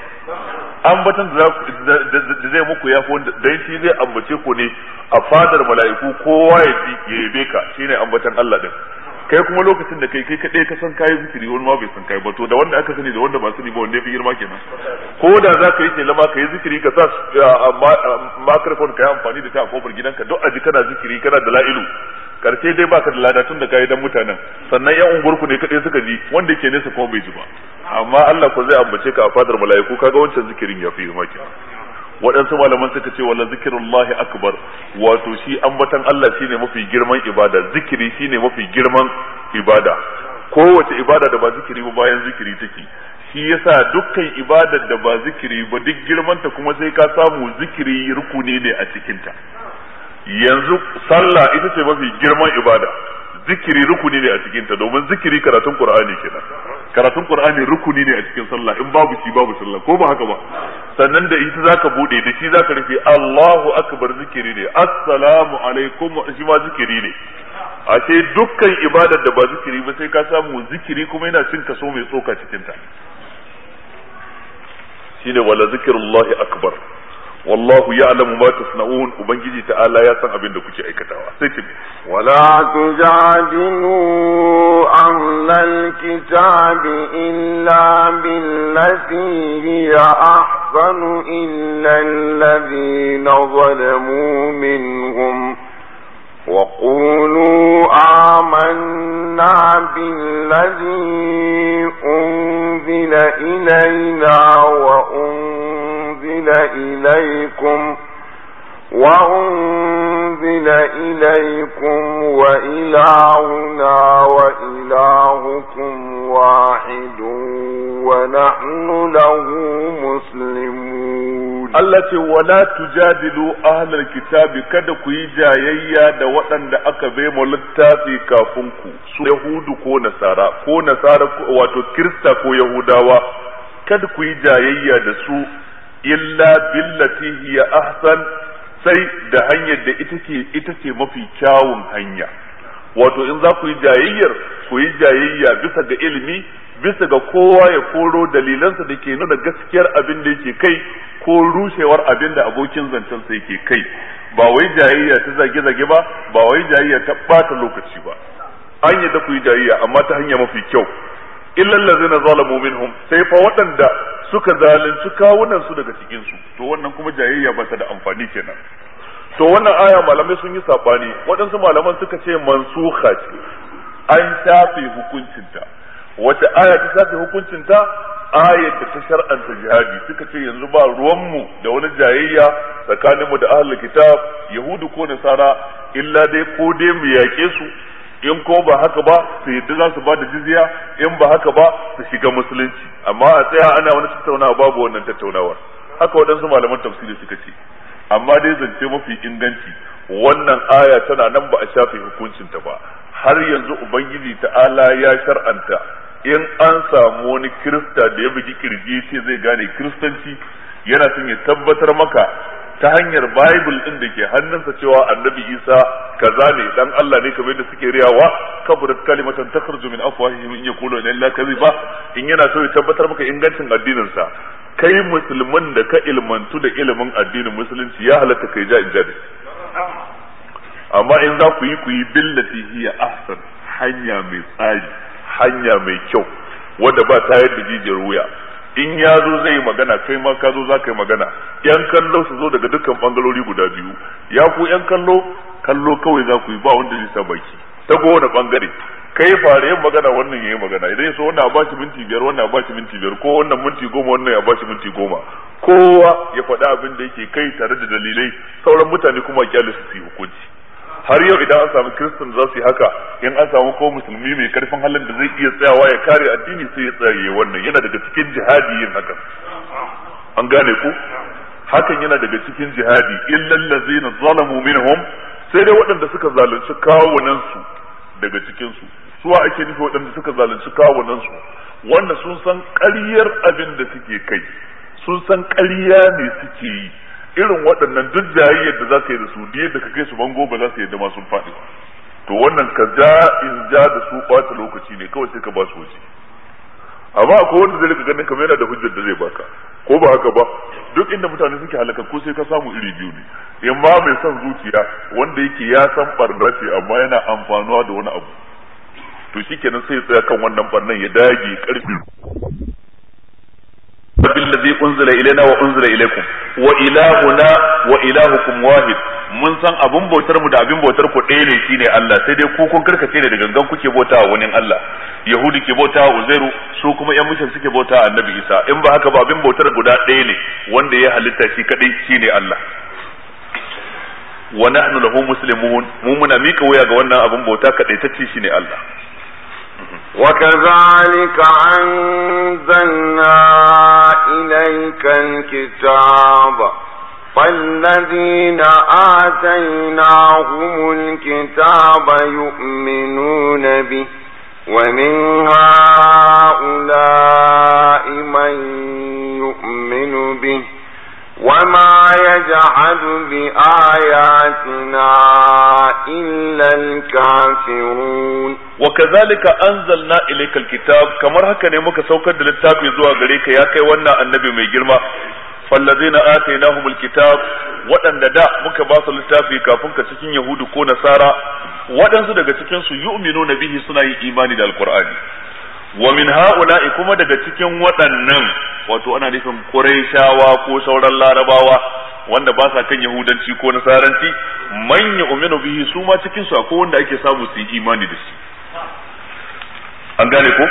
ambatan da zai muku ya wanda dan shi zai ambace ku ne a fadar mala'iku kowa ya ji ya yabe ka shine ambatan Allah din kai kuma lokacin da kai kai kaɗai ka san kayi zikiri wani ma bai san kai ba to da wanda aka sani da wanda ba sani ba wanda ya fi girma kenan ko da za ka yi ce lama ka yi zikiri ka sa makarfon ka yi amfani da ta a kofar gidanka duk aji kana zikiri kana da la'ilu karshe dai baka da lada tun da kayi dan mutanen sannan yan unguwarku ne kaɗai suka ji wanda ke nesa kuma bai ji ba amma Allah ko zai ambace ka a fadar mala'iku kaga wancan zikirin ya fi girma kenan waɗansu malaman suka ce wala zikirullahi akbar wato shi ambatan Allah shine mafi girman ibada zikiri shine mafi girman ibada kowace ibada da ba zikiri ba bayan zikiri take shi yasa dukkan ibadar da ba zikiri ba duk girmanta kuma sai ka samu zikiri rukuni ne a cikinta yanzu sallah ita ce mafi girman ibada zikiri rukuni ne a cikin ta domin zikiri karatun qur'ani kenan karatun qur'ani rukuni ne a cikin sallah in babu shi babu sallah ko ba haka ba sannan da ita zaka bude da shi zaka rufe Allahu akbar zikiri ne assalamu alaikum shi ma zikiri ne ashe dukkan ibadar da ba zikiri ba sai ka samu zikiri kuma yana cin kaso mai tsoka cikin ta shine wala zikrullahi akbar والله يعلم ما تصنعون وبنجي تعالى يا سن ابين دكوكي ايكتاوا ولا تجادلوا اهل الكتاب الا بالتي هي احسن الا الذين ظلموا منهم وقولوا آمنا بالذي أنزل إلينا وأنزل أنزل إليكم وأنزل إليكم وإلهنا وإلهكم واحد ونحن له مسلمون Allah ce wala tujadilu ahlal kitabi kada ku yi jayayya da waɗanda aka bai littafi kafin ku su yahudu ko nasara ko nasara wato kirista ko yahudawa kada ku yi jayayya da su illa billati hiya ahsan sai da hanyar da ita ce ita ce mafi kyawun hanya wato in za ku yi jayayyar ku yi jayayya bisa ga ilimi bisa ga kowa ya koro dalilansa da ke nuna gaskiyar abin da yake kai ko rushewar abin da abokin zancen sa yake kai ba wai jayayya ta zage-zage ba ba wai jayayya ta bata lokaci ba an da ku yi jayayya amma ta hanya mafi kyau illa allazina zalamu minhum sai fa waɗanda suka zalunci kawunan su daga cikin su to wannan kuma jayayya ba ta da amfani kenan to wannan aya malamai sun yi sabani waɗansu malaman suka ce mansuha ce an shafe hukuncinta wata aya ta shafe hukuncinta ayar da ta shar'anta jihadi suka ce yanzu ba ruwanmu da wani jayayya tsakaninmu da ahlul kitab yahudu ko nasara illa dai ko dai mu yaƙe su in ko ba haka ba su yadda za su ba da jizya in ba haka ba su shiga musulunci amma a tsaya ana wani tattaunawa babu wannan tattaunawar haka waɗansu malaman tafsiri suka ce amma dai zance mafi inganci wannan aya tana nan ba a shafe hukuncinta ba har yanzu ubangiji ta'ala ya shar'anta in an samu wani kirista da ya bugi kirji ce zai gane kiristanci yana son ya tabbatar maka ta hanyar bible din da ke hannunsa cewa annabi isa kaza ne dan Allah ne kamar da suke riyawa kaburat kalimatan takhruju min afwahihim in yaqulu illa kadhiba in yana so ya tabbatar maka ingancin addinin sa kai musulman da ka ilmantu da ilimin addinin musulunci ya halatta kai ja inja amma in za ku yi ku yi billati hiya ahsan hanya mai tsari hanya mai kyau wanda ba ta yadda jijiyar wuya in ya zo zai magana kai ma ka zo za ka yi magana yan kallo su zo daga dukkan bangalori guda biyu ya ku yan kallo kallo kawai za ku yi ba wanda zai sa baki ta kowane bangare kai fara yin magana wannan yayi magana idan yaso wannan a shi minti biyar wannan a shi minti biyar ko wannan minti goma wannan ya shi minti goma kowa ya faɗa abin da yake kai tare da dalilai sauran mutane kuma kyale su yi hukunci har yau idan an samu kristin za su yi haka in an samu ko musulmi mai karfin halin da zai iya tsayawa ya kare addini sai ya tsaye wannan yana daga cikin jihadi yin hakan an gane ku hakan yana daga cikin jihadi illal ladzina zalamu minhum sai dai waɗanda suka zalunci kawunan su daga cikin su suwa ake nufi waɗanda suka zalunci kawunan su wanda sun san ƙaryar abin da suke kai sun san ƙarya ne suke yi irin waɗannan duk jayayyar da za su yi da su diyar da ka kai su bango ba za su yi da masu faɗi to wannan ka ja in ja da su ɓata lokaci ne kawai sai ka ba su waje amma akwai wanda zai rika ganin kamar yana da hujjar da zai baka ko ba haka ba duk inda mutane suke ko sai ka samu iri biyu ne in ma mai son zuciya wanda yake ya san barna ce amma yana amfanuwa da wani abu to shi kenan sai ya tsaya kan wannan barnan ya dage karfi allazi unzila ilaina wa unzila ilaikum wa ilahuna wa wahid mun san abun bautar mu da abin bautar ku ɗaya ne shine Allah sai dai ku kun karkace ne da gangan kuke bauta wa wani Allah yahudi ke bauta wa uzairu su kuma yan mushin suke bauta wa annabi isa in ba haka ba abin bautar guda ɗaya ne wanda ya halitta shi kadai shine Allah wa nahnu lahu muslimun mu muna mika waya ga wannan abin bauta kadai tace shine Allah وكذلك أنزلنا إليك الكتاب فالذين آتيناهم الكتاب يؤمنون به ومن هؤلاء من يؤمن به وما يجحد بآياتنا إلا الكافرون وكذلك أنزلنا إليك الكتاب كما هكا نمك سوكا دلتاك يزوى غريك ياكي وانا النبي ميجرما فالذين آتيناهم الكتاب وأن دا muka ba su littafi kafin يهود كون سارا ko nasara waɗansu daga به su إيمان للقرآن suna wa min ha'ula'i kuma daga cikin waɗannan wato ana nufin Quraishawa ko sauran Larabawa wanda ba sa kan Yahudanci ko Nasaranci man yu'minu bihi su ma cikin su akwai wanda ake samu su imani da shi an gane ko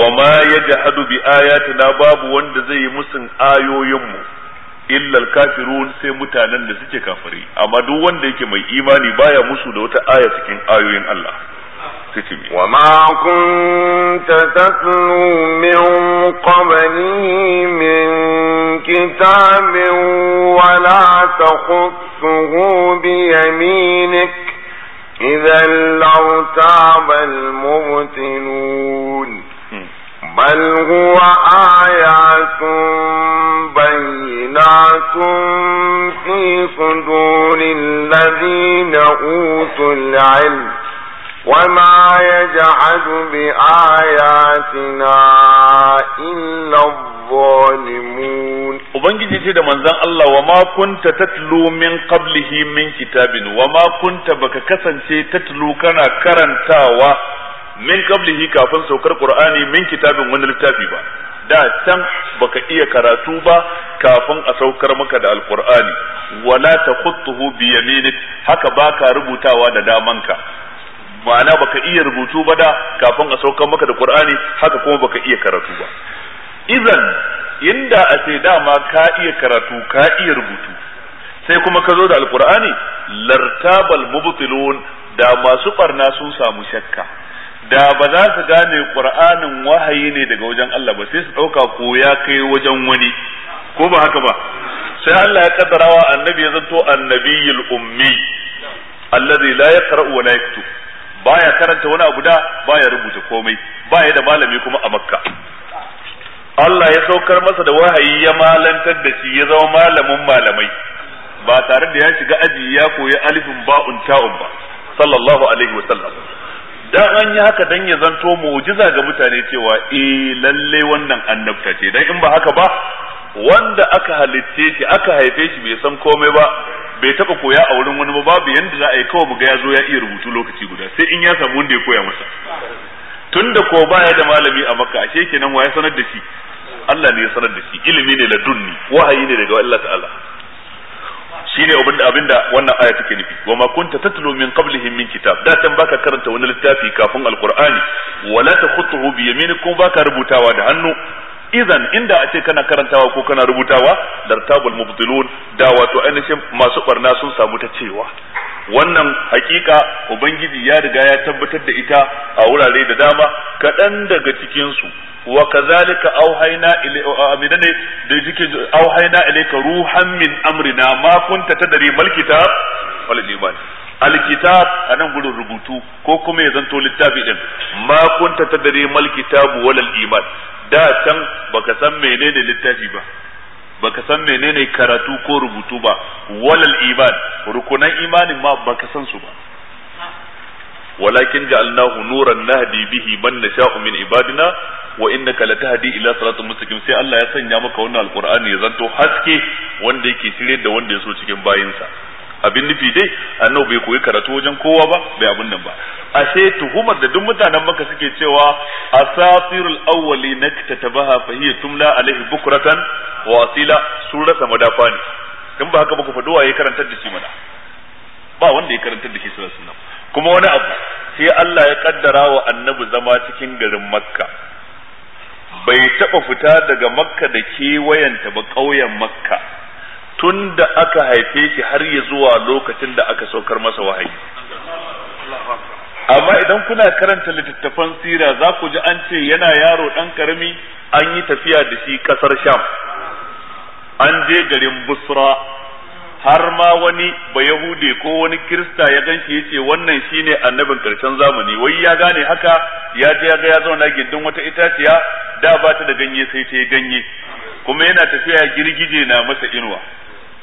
wa ma yajhadu bi ayatina babu wanda zai yi musun ayoyin mu illa al-kafirun sai mutanen da suke kafiri amma duk wanda yake mai imani baya musu da wata aya cikin ayoyin Allah وما كنت تتلو من قبله من كتاب ولا تخصه بيمينك إذا لارتاب المبتلون بل هو آيات بينات في صدور الذين أوتوا العلم وما يجحد بآياتنا إلا الظالمون Ubangiji ce da manzon Allah wa ma kunta tatlu min qablihi min kitabin wa ma kunta baka kasance tatlu kana karantawa min qablihi kafin saukar Qur'ani min kitabin wani littafi ba da can baka iya karatu ba kafin a saukar maka da alqur'ani wala takhutuhu bi yaminik haka baka rubutawa da damanka ma'ana baka iya rubutu ba da kafin a saukar maka da qur'ani haka kuma baka iya karatu ba idan inda a ce dama ka iya karatu ka iya rubutu sai kuma ka zo da alqur'ani lartabal mubtilun da masu barna sun samu shakka da ba za su gane qur'anin wahayi ne daga wajen Allah ba sai su dauka ko ya kai wajen wani ko ba haka ba sai Allah ya kaddarawa annabi ya zanto annabiyul ummi alladhi la yaqra wa la yaktub baya karanta wani abu da baya rubuta komai baya da malami kuma a makka Allah ya saukar masa da wahayi ya malantar da shi ya zama malamin malamai ba tare da ya shiga aji ya koyi alifin ba'un ta'un ba sallallahu alaihi wa sallam dan an yi haka dan ya zanto mu'jiza ga mutane cewa eh lalle wannan annabta ce dan in ba haka ba wanda aka halicce shi aka haife shi bai san komai ba bai taba koya a wurin wani ba babu yanda za a yi kawai muga ya zo ya iya rubutu lokaci guda sai in ya samu wanda ya koya masa tunda ko baya da malami a makka ashe kenan wa ya sanar da shi Allah ne ya sanar da shi ilimi ne ladunni wahayi ne daga Allah ta'ala shine abin da abinda wannan aya take nufi wa ma kunta tatlu min qablihi min kitab da tan baka karanta wani littafi kafin alqur'ani wala takhutuhu bi yaminikum kuma baka rubutawa da hannu idan inda a ce kana karantawa ko kana rubutawa lartabul mubtilun da wato ainihin masu barna sun samu ta cewa wannan hakika ubangiji ya riga ya tabbatar da ita a wurare da dama kaɗan daga cikin su wa kazalika auhayna ilayka ne da yake auhayna ilayka ruhan min amrina ma kunta tadri malkita wal iman alkitab anan gurin rubutu ko kuma ya zanto littafi din ma kunta tadri malkitabu wal iman da can baka san menene littafi ba baka san menene karatu ko rubutu ba walal iman rukunan imanin ma baka san su ba walakin ja'alnahu nuran nahdi bihi man nasha'u min ibadina wa innaka latahdi ila siratin mustaqim sai Allah ya sanya maka wannan alqur'ani ya zanto haske wanda yake shirye da wanda ya so cikin bayinsa abin nufi dai annabi bai koyi karatu wajen kowa ba bai abin nan ba ashe tuhumar da duk mutanen maka suke cewa asatirul awwali naktatabaha fa hiya tumla alaihi bukratan wa asila sun rasa madafa ne in ba haka ba ku faɗo waye karantar da shi mana ba wanda ya karantar da shi sura sunna kuma wani abu sai Allah ya kaddara wa annabi zama cikin garin makka bai taɓa fita daga makka da kewayenta ba ƙauyen makka tun da aka haife shi har ya zuwa lokacin da aka saukar masa wahayi amma idan kuna karanta littattafan sira za ku ji an ce yana yaro ɗan karami an yi tafiya da shi ƙasar sham an je garin busra har ma wani bayahude ko wani kirista ya ganshi ya ce wannan shi ne annabin karshen zamani wai ya gane haka ya je ya ga ya zauna gindin wata itaciya da ba ta da ganye sai ta ganye kuma yana tafiya girgije na masa inuwa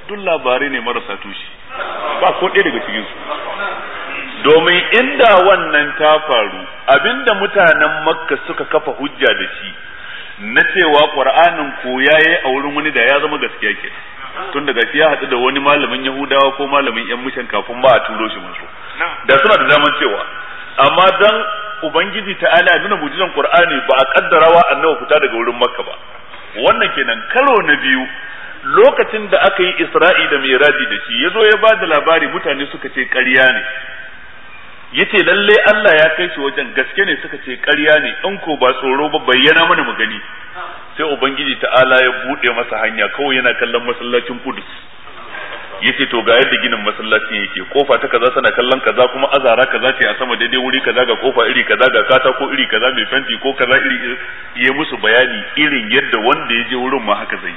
duk labarai ne marasa tushe ba ko ɗaya daga cikinsu domin inda wannan ta faru abinda mutanen makka suka kafa hujja da shi na cewa qur'anin ko yayi a wurin wani da ya zama gaskiya ke tun daga shi ya haɗu da wani malamin yahudawa ko malamin yan mishan kafin ba a turo shi musu da suna da daman cewa amma dan ubangiji ala nuna mu'jizan qur'ani ba a kaddarawa annabi fita daga wurin makka ba wannan kenan karo na biyu lokacin da aka yi isra'i da miraji da shi ya zo ya ba da labari mutane suka ce ƙarya ne ya ce lalle Allah ya kai shi wajen gaske ne suka ce ƙarya ne in ko ba tsoro ba bayyana mana mu gani sai ubangiji ta'ala ya buɗe masa hanya kawai yana kallon masallacin kudus yace to ga yadda ginin masallaci yake kofa ta kaza tana kallon kaza kuma azara kaza ce a sama daidai wuri kaza ga kofa iri kaza ga katako iri kaza mai fenti ko kaza iri ya musu bayani irin yadda wanda ya je wurin ma haka zai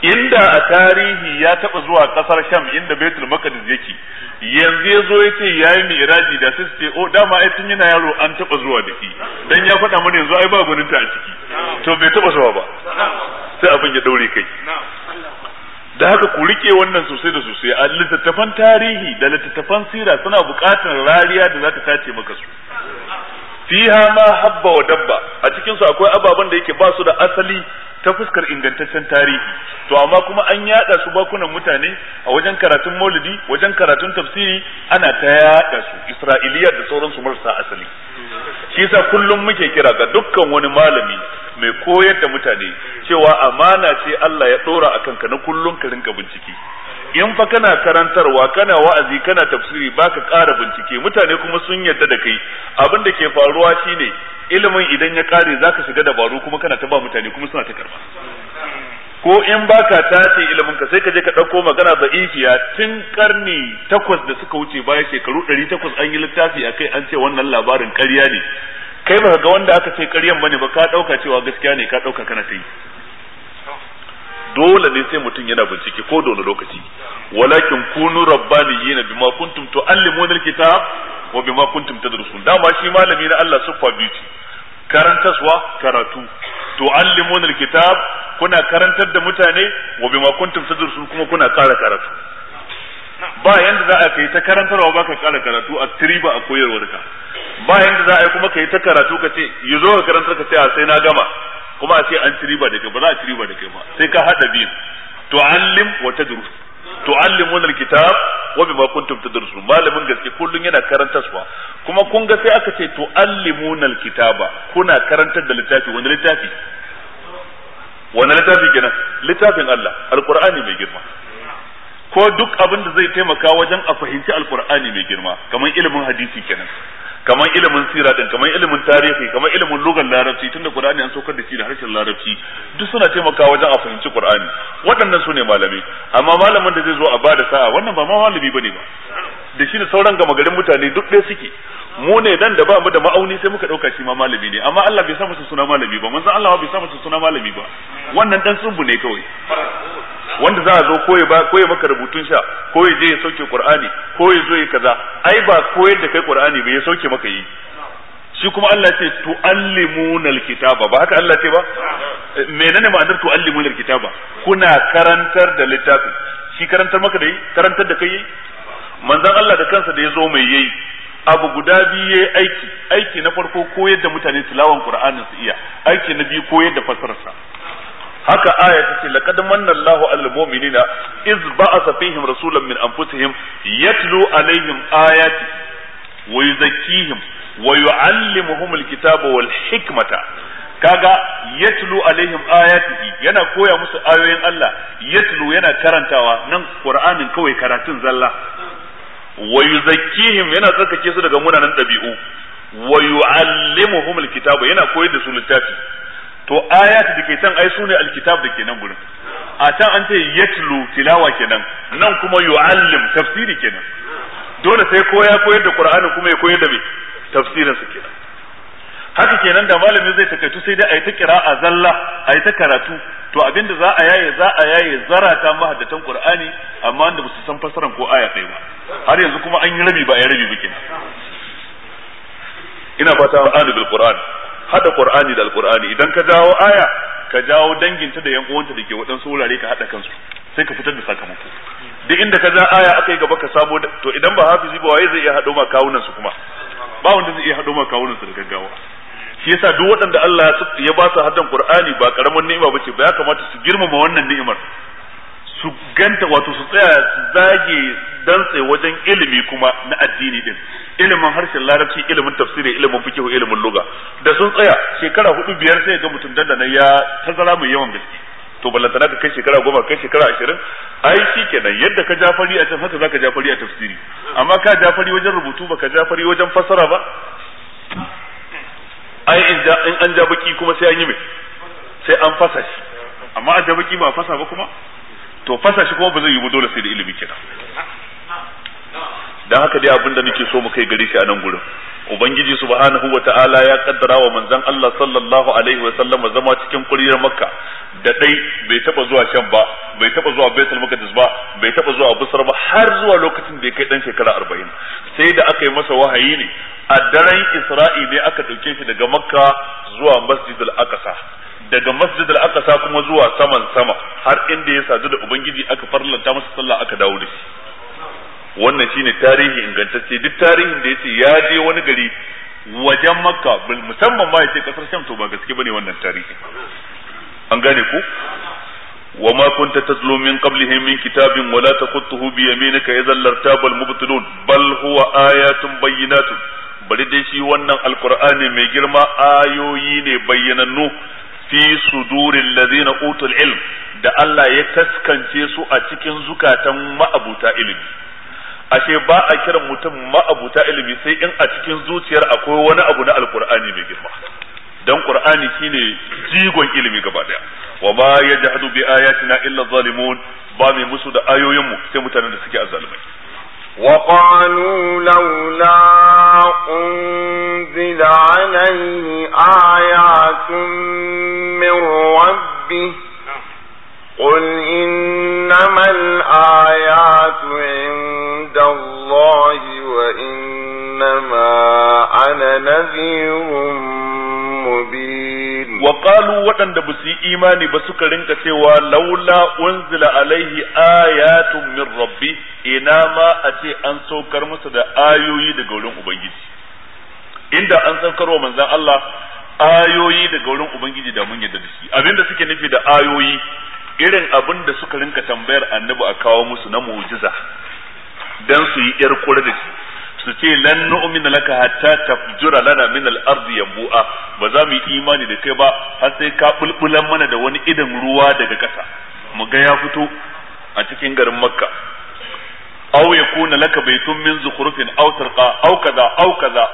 inda a tarihi ya taba zuwa kasar Sham inda Baitul Maqdis yake yanzu ya zo yace yayi miraji da sai ce o oh, dama ai tun yana yaro an taba zuwa da shi dan ya faɗa mana yanzu ai ba ta a ciki to bai taba zuwa ba sai abin ya daure kai da haka ku rike wannan sosai da sosai a littattafan tarihi da littattafan sira suna buƙatar rariya da za ta tace maka su fiha ma habba wa dabba a cikin su akwai ababen da yake ba su da asali ta fuskar ingantaccen tarihi to amma kuma an yada su bakunan mutane a wajen karatun maulidi wajen karatun tafsiri ana ta yada su isra'iliya da sauransu marasa asali shi yasa kullum muke kira ga dukkan wani malami mai koyar da mutane cewa amana ce Allah ya dora akan ka na kullum ka rinka bincike in fa kana karantarwa kana wa'azi kana tafsiri baka kara bincike mutane kuma sun yarda da kai abin da ke faruwa shine ilimin idan ya kare zaka shiga dabaru kuma kana taba mutane kuma suna ta karba ko in baka tace ilimin ka sai ka je ka ɗauko magana da ifiya tun karni takwas da suka wuce bayan shekaru ɗari takwas an yi littafi akai an ce wannan labarin ƙarya ne kai baka ga wanda aka ce ƙaryan bane ba ka ɗauka cewa gaskiya ne ka ɗauka kana ta yi dole ne sai mutum yana bincike ko da wani lokaci walakin kunu rabbaniyina bima kuntum tuallimuna alkitab wa bima kuntum tadrusun dama shi malami na Allah suffa biyu karantaswa karatu tuallimuna alkitab kuna karantar da mutane wa bima kuntum tadrusun kuma kuna kara karatu ba yanda za a kai ta karantarwa ba ka kara karatu a triba a koyarwarka ba yanda za a yi kuma kai ta karatu ka ce yi zo ka karantar ka ce a sai na gama kuma a ce an ci riba da kai ba za a ci riba da kai ba sai ka hada biyu allim wa tadrus tu'allimuna alkitab wa bima kuntum tadrusu malamin gaske kullun yana karantar suwa kuma kun ga sai aka ce to allimuna alkitaba kuna karantar da littafi wani littafi wani littafi kenan littafin Allah alqur'ani mai girma ko duk abin da zai taimaka wajen a fahimci alqur'ani mai girma kamar ilimin hadisi kenan kamar ilimin sira din kamar ilimin tarihi kamar ilimin lugar larabci tunda qur'ani an saukar da shi da harshen larabci duk suna taimakawa wajen a fahimci qur'ani waɗannan su ne malamai amma malamin da zai zo a bada sa'a wannan ba ma malami bane ba da shi da sauran gama garin mutane duk ɗaya suke mu ne dan da ba mu da ma'auni sai muka dauka shi ma malami ne amma Allah bai sa musu suna malami ba mun san Allah bai sa musu suna malami ba wannan dan sunbu ne kawai wanda za a zo koyi ba koyi maka rubutun sha ko ya je ya sauke Qur'ani ko ya zo ya kaza ai ba koyar da kai Qur'ani ba ya sauke maka yi shi kuma Allah ce tu'allimuna alkitaba ba haka Allah ce ba menene ma'anar tu'allimuna alkitaba kuna karantar da littafi shi karantar maka da yi karantar da kai yi manzon Allah da kansa da ya zo mai yayi abu guda biyu yayi aiki aiki na farko koyar da mutane tilawan qur'anin su iya aiki na biyu koyar da fasarsa haka aya ta ce laqad manna Allahu 'alal mu'minina iz ba'atha fihim rasulan min anfusihim yatlu 'alaihim ayati wa yuzakkihim wa yu'allimuhum alkitaba wal hikmata kaga yatlu alaihim ayati yana koya musu ayoyin Allah yatlu yana karantawa nan qur'anin kawai karatun zalla wa yuzakkihim yana tsarkake su daga munanan ɗabi'u wa yu'allimuhum alkitaba yana koyar da su littafi to ayatu da ke ai sune alkitab da ke nan gurin a can an ce yatlu tilawa kenan nan kuma yu'allim tafsiri kenan dole sai ko ya koyar da qur'ani kuma ya koyar da me tafsirin kenan haka kenan da malami zai takaitu sai dai ayi ta qira'a zalla ayi ta karatu to abinda za a yaye za a yaye zarata mahaddatan qur'ani amma wanda basu san fasaran ko aya ɗaya ba har yanzu kuma an yi rabi ba a yi rabi bikin ina fata an adu bil qur'an hada qur'ani da alqur'ani idan ka jawo aya ka jawo danginta da yan uwanta da ke waɗansu wurare ka hada kansu sai ka fitar da sakamako duk inda ka ja aya aka yi gaba ka samo to idan ba hafizi ba waye zai iya hado ma kawunan su kuma ba wanda zai iya hado ma kawunan su da gaggawa shi yasa duk waɗanda Allah ya ba su haddan Qur'ani ba karamin ni'ima bace ba ya kamata su girmama wannan ni'imar su ganta wato su tsaya su zage dantse wajen ilimi kuma na addini din ilimin harshen larabci ilimin tafsiri ilimin fiqh ilimin lugha da sun tsaya shekara hudu biyar sai ga mutum dandana ya tazara mai yawan gaske to ballanta naka kai shekara goma kai shekara ashirin ai shi kenan yadda ka jafari a can haka zaka jafari a tafsiri amma ka jafari wajen rubutu ba ka jafari wajen fassara ba ai in an ja baki kuma sai an yi mai sai an fasa shi amma an ja baki ba fasa ba kuma to fasa shi kuma ba zai yi ba dole sai da ilimi kenan dan haka dai abin da nake so mu kai gari shi a nan gurin ubangiji subhanahu ta'ala ya kaddara wa manzon Allah sallallahu alaihi wa sallam zama cikin kuriyar makka da dai bai taba zuwa shan ba bai taba zuwa baitul maqdis ba bai taba zuwa busra ba har zuwa lokacin da ya kai dan shekara 40 sai da aka yi masa wahayi ne a daren isra'i ne aka ɗauke shi daga makka zuwa masjid aqsa daga masjid aqsa kuma zuwa saman sama har inda ya sadu da ubangiji aka farlanta masa sallah aka dawo da shi wannan shine tarihi ingantacce duk tarihin da yace ya je wani gari wajen makka musamman ma yace kasar sham to ba gaske bane wannan tarihi an gane ku وما كنت تتلو من قبله من كتاب ولا تخطه بيمينك إذا لارتاب المبطلون بل هو آيات بينات bari dai shi wannan alqur'ani mai girma ayoyi ne bayyanannu fi sudurin lazina utul ilm da Allah ya taskance su a cikin zukatan ma'abuta ilimi ashe ba a kiran mutum ma'abuta ilimi sai in a cikin zuciyar akwai wani abu na alkur'ani mai girma dan qur'ani shine jigon ilimi gaba daya wa ma yajhadu bi ayatina illa zalimun ba mai musu da ayoyinmu sai mutanen da suke azzalumai وقالوا لولا أنزل عليه آيات من ربه قل إنما الآيات عند الله وإنما أنا نذير wa qalu waɗanda ba su yi imani ba suka rinka cewa laula unzila alaihi ayatun min rabbi ina ma a ce an saukar musu da ayoyi daga wurin ubangiji inda an saukar wa manzon Allah ayoyi daga wurin ubangiji da mun yadda da shi abinda suke nufi da ayoyi irin abinda da suka rinka tambayar annabi a kawo musu na mu'jiza dan su yi yar kura da shi su ce lan nu'min laka hatta tafjura lana min al-ard yanbu'a ba za mu yi imani da kai ba har sai ka bulbulan mana da wani idan ruwa daga ƙasa mu ga ya fito a cikin garin makka aw يكون لك بيت min زخرف aw tarqa aw كذا aw كذا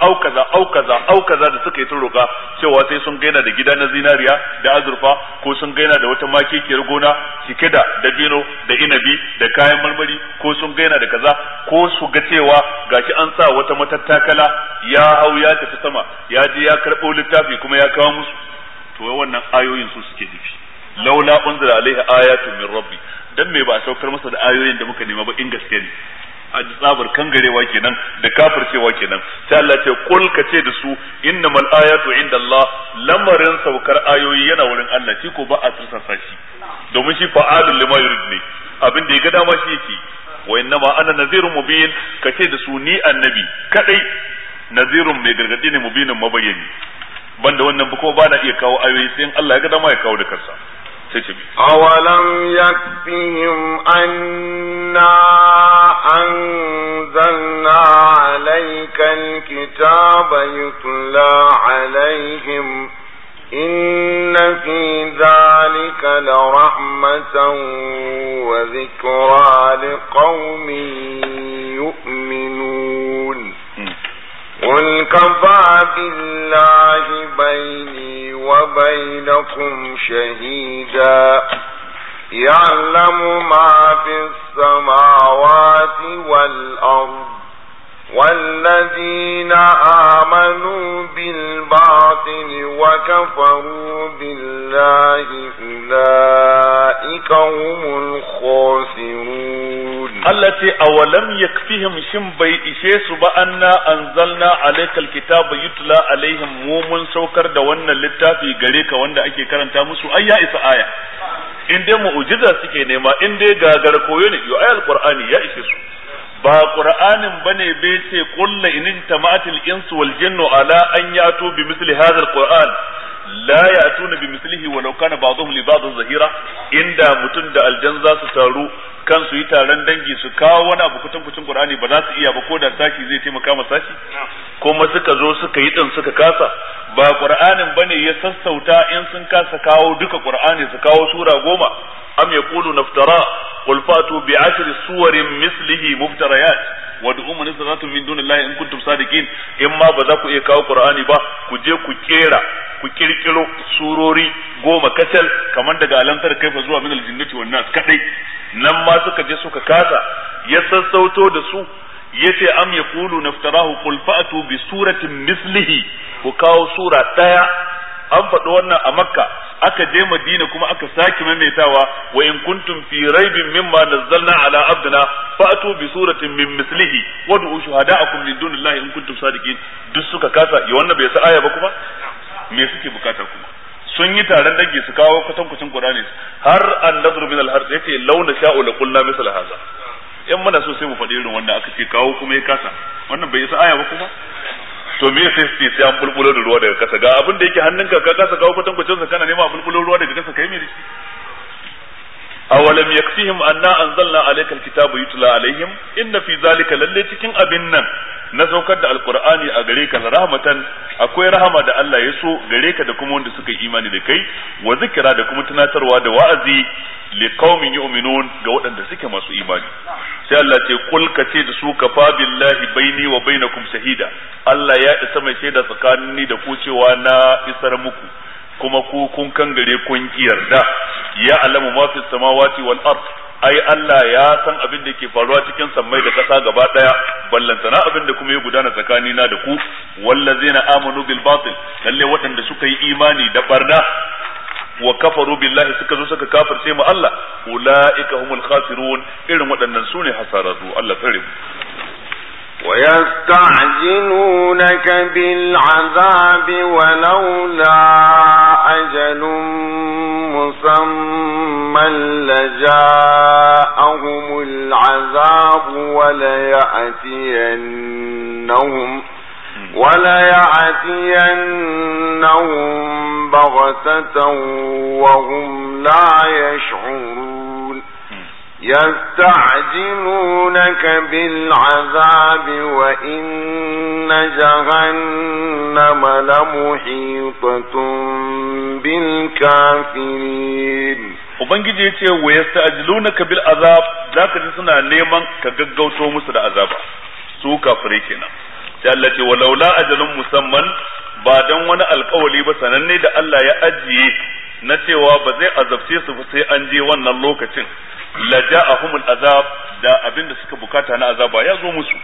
كذا كذا كذا da suka yi ta roƙa cewa sai sun gaina da gida na zinariya da azurfa ko sun gaina da wata makekiyar gona cike da dabino da inabi da kayan marmari ko sun gaina da kaza ko su ga cewa gashi an sa wata matattakala ya hau ya tafi sama ya je ya karɓo littafi kuma ya kawo musu to wannan ayoyin su suke nufi laula unzila alaihi ayatu min rabbi dan me ba a saukar masa da ayoyin da muka nema ba in gaske ne a tsabar kangarewa kenan da kafircewa kenan sai Allah ce kul ka ce da su innamal ayatu indallah lamarin saukar ayoyi yana wurin Allah shi ko ba a tursasa shi domin shi fa'alul lima yurid ne abin da ya ga dama shi yake wa innama ana nazirun mubin ka ce da su ni annabi kadai nazirun mai gargadi ne mubinin mabayyani banda wannan ba kuma ba na iya kawo ayoyi sai in Allah ya ga dama ya kawo da kansa sai ce awalam yakfihim anna anzalna alayka alkitaba yutla alayhim إن في ذلك لرحمة وذكرى لقوم يؤمنون قل كفى بالله بيني وبينكم شهيدا يعلم ما في السماوات والأرض والذين آمنوا بالباطل وكفروا بالله أولئك هم الخاسرون التي أولم يكفيهم شم بي إشيس بأننا أنزلنا عليك الكتاب يتلى عليهم مومن سوكر دوانا للتافي غريك وانا أكي كرن تامسو أي إسا آية in dai mu'jiza suke nema in dai gagar koyo ne yo ayal qur'ani ya ishe su ba qur'anin bane bai ce kullu in tamatil insu wal jinnu ala an yatu bi misli hadha qur'an la yatuna bi mislihi law kana ba'dhum li ba'd zahira inda mutun da aljan za su taru kan su yi taron dangi su kawo wani abu kutun kutun qur'ani ba za su iya ba ko da sashi zai taimaka ma sashi kuma suka zo suka yi din suka kasa ba qur'anin bane ya sassauta in sun kasa kawo duka qur'ani su kawo sura goma am yaquluna iftara qul fatu bi ashri suwarin mislihi muftariyat wa du'u man istatatum min dunillahi in kuntum sadiqin in ma ba za ku iya kawo qur'ani ba ku je ku kera ku kirkiro surori goma kacal kamar daga alamtar kaifa zuwa min aljinnati wan nas kadai nan ma suka je suka kasa ya sassauto da su yace am yaqulu naftarahu qul fa'tu bi suratin mislihi ku kawo sura daya an faɗi wannan a makka aka je madina kuma aka sake maimaitawa wa in kuntum fi raibin mimma nazzalna ala abdina fa'tu bi suratin min mislihi wad'u shuhada'akum min dunillahi in kuntum sadiqin duk suka kasa ya wannan bai sa aya ba kuma me suke bukata kuma sun yi taron dangi su kawo kwatankwacin qur'ani har an-nadru min al-harz yace launa sha'u la qulna misla hadha in muna so sai mu faɗi irin wannan aka ce kawo kuma ya kasa wannan bai sa aya ba kuma to me sai sai an bulbulo da ruwa daga kasa ga abin da yake hannunka ka kasa kawo kwatankwacin sa kana nema bulbulo ruwa daga kasa kai me da shi awalam yakfihim anna anzalna alayka alkitaba yutla alaihim inna fi zalika lalle cikin abin nan na saukar da alqur'ani a gare ka rahmatan akwai rahama da Allah ya so gare ka da kuma wanda suka yi imani da kai wa zikira da kuma tunatarwa da wa'azi liqaumin yu'minun ga waɗanda suke masu imani sai Allah ce kul ka ce da su ka fa billahi baini wa bainakum shahida Allah ya isa mai shaida tsakanin da ku cewa na isar muku kuma ku kun kangare kun yarda ya alamu ma fi samawati wal ard ai Allah ya san abin da ke faruwa cikin sammai da kasa gaba daya ballantana abin da kuma ya gudana tsakani na da ku wallazina amanu bil batil lalle waɗanda suka yi imani da barna wa kafaru billahi suka zo suka kafirce mu Allah ulaika humul khasirun irin waɗannan sune hasararru Allah tare mu ويستعجلونك بالعذاب ولولا أجل مسمى لجاءهم العذاب وليأتينهم وليأتينهم بغتة وهم لا يشعرون يستعجلونك بالعذاب وإن جهنم لمحيطة بالكافرين Ubangiji ya ce wa yasta'jilunaka bil azab za ka ji suna neman ka gaggauto musu da azaba su kafirai kenan sai Allah ce walaula ajalun musamman ba dan wani alkawali ba sananne da Allah ya ajiye na cewa ba zai azabce su ba sai an je wannan lokacin la ja'ahumul azab da abinda suka bukata na azaba ya zo musu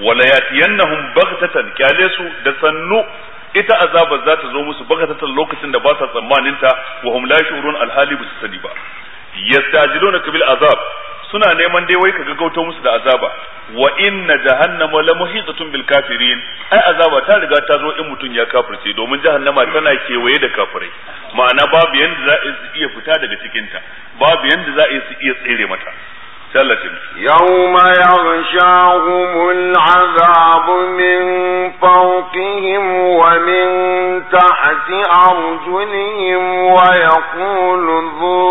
wala yatiyannahum baghtatan kyale su da sannu ita azaba za ta zo musu baghtatan lokacin da ba sa tsammanin ta wa hum la shurun alhali bisu sani ba yastajiluna bil azab suna neman dai wai ka gaggauto musu da azaba wa inna jahannama la muhitatun bil kafirin ai azaba ta riga ta zo in mutum ya kafirce domin jahannama tana kewaye da kafirai ma'ana babu yanda za su iya fita daga cikin ta babu yanda za su iya tsere mata يوم يغشاهم العذاب من فوقهم ومن تحت أرجلهم ويقول ذو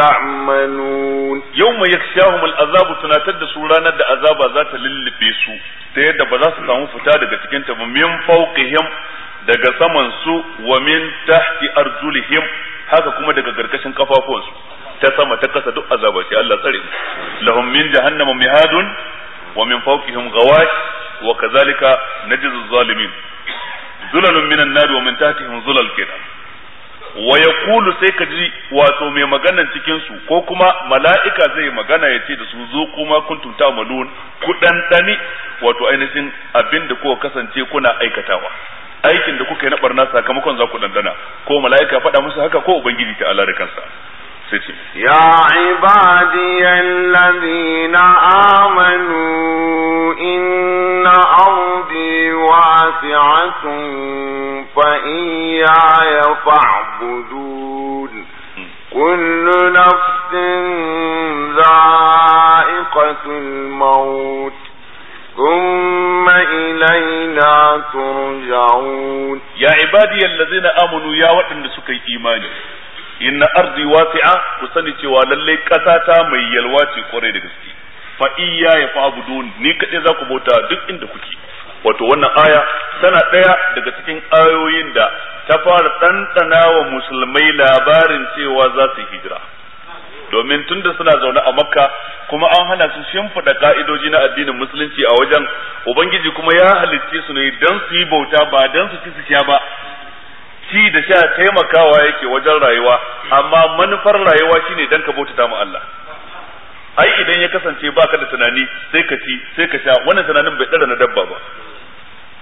ta'malun yawma yakshahum al'azabu tunatar da su ranar da azaba za ta lullube su ta yadda ba za su samu fita daga cikin ta ba min fawqihim daga saman su wa min tahti arjulihim haka kuma daga gargashin kafafuwansu ta sama ta kasa duk azaba ce Allah tsare lahum min jahannama mihadun wa min fawqihim ghawash wa kadhalika najzi zalimin zulalun minan nar wa min tahtihim zulal kenan wa Kulu sai ka ji wato mai maganan cikin su ko kuma mala'ika zai magana ya ce da su zo kuma kuntum ta'malun ku dandani wato ainihin abin da kuka kasance kuna aikatawa aikin da kuka yi na barna sakamakon za ku dandana ko mala'ika faɗa musu haka ko ubangiji ta alarikansa kansa سيتي يا عبادي الذين آمنوا إن أرضي واسعة فإياي فاعبدون كل نفس ذائقة الموت ثم إلينا ترجعون يا عبادي الذين آمنوا يا وطن سكي إيماني inna ardi wasi'a ku sani cewa lalle ƙasa ta mai yalwa ce kwarai da gaske fa iyya ya fa'budun ni kaɗai za ku bauta duk inda kuke wato wannan aya tana ɗaya daga cikin ayoyin da ta fara ɗanɗana wa musulmai labarin cewa za su hijira domin tunda suna zaune a makka kuma an hana su shimfiɗa ka'idoji na addinin musulunci a wajen ubangiji kuma ya halicce su ne don su yi bauta ba don su ci su ba ci da sha taimakawa yake wajen rayuwa amma manufar rayuwa shine dan ka bauta mu Allah ai idan ya kasance baka da tunani sai ka ci sai ka sha wannan tunanin bai dara na dabba ba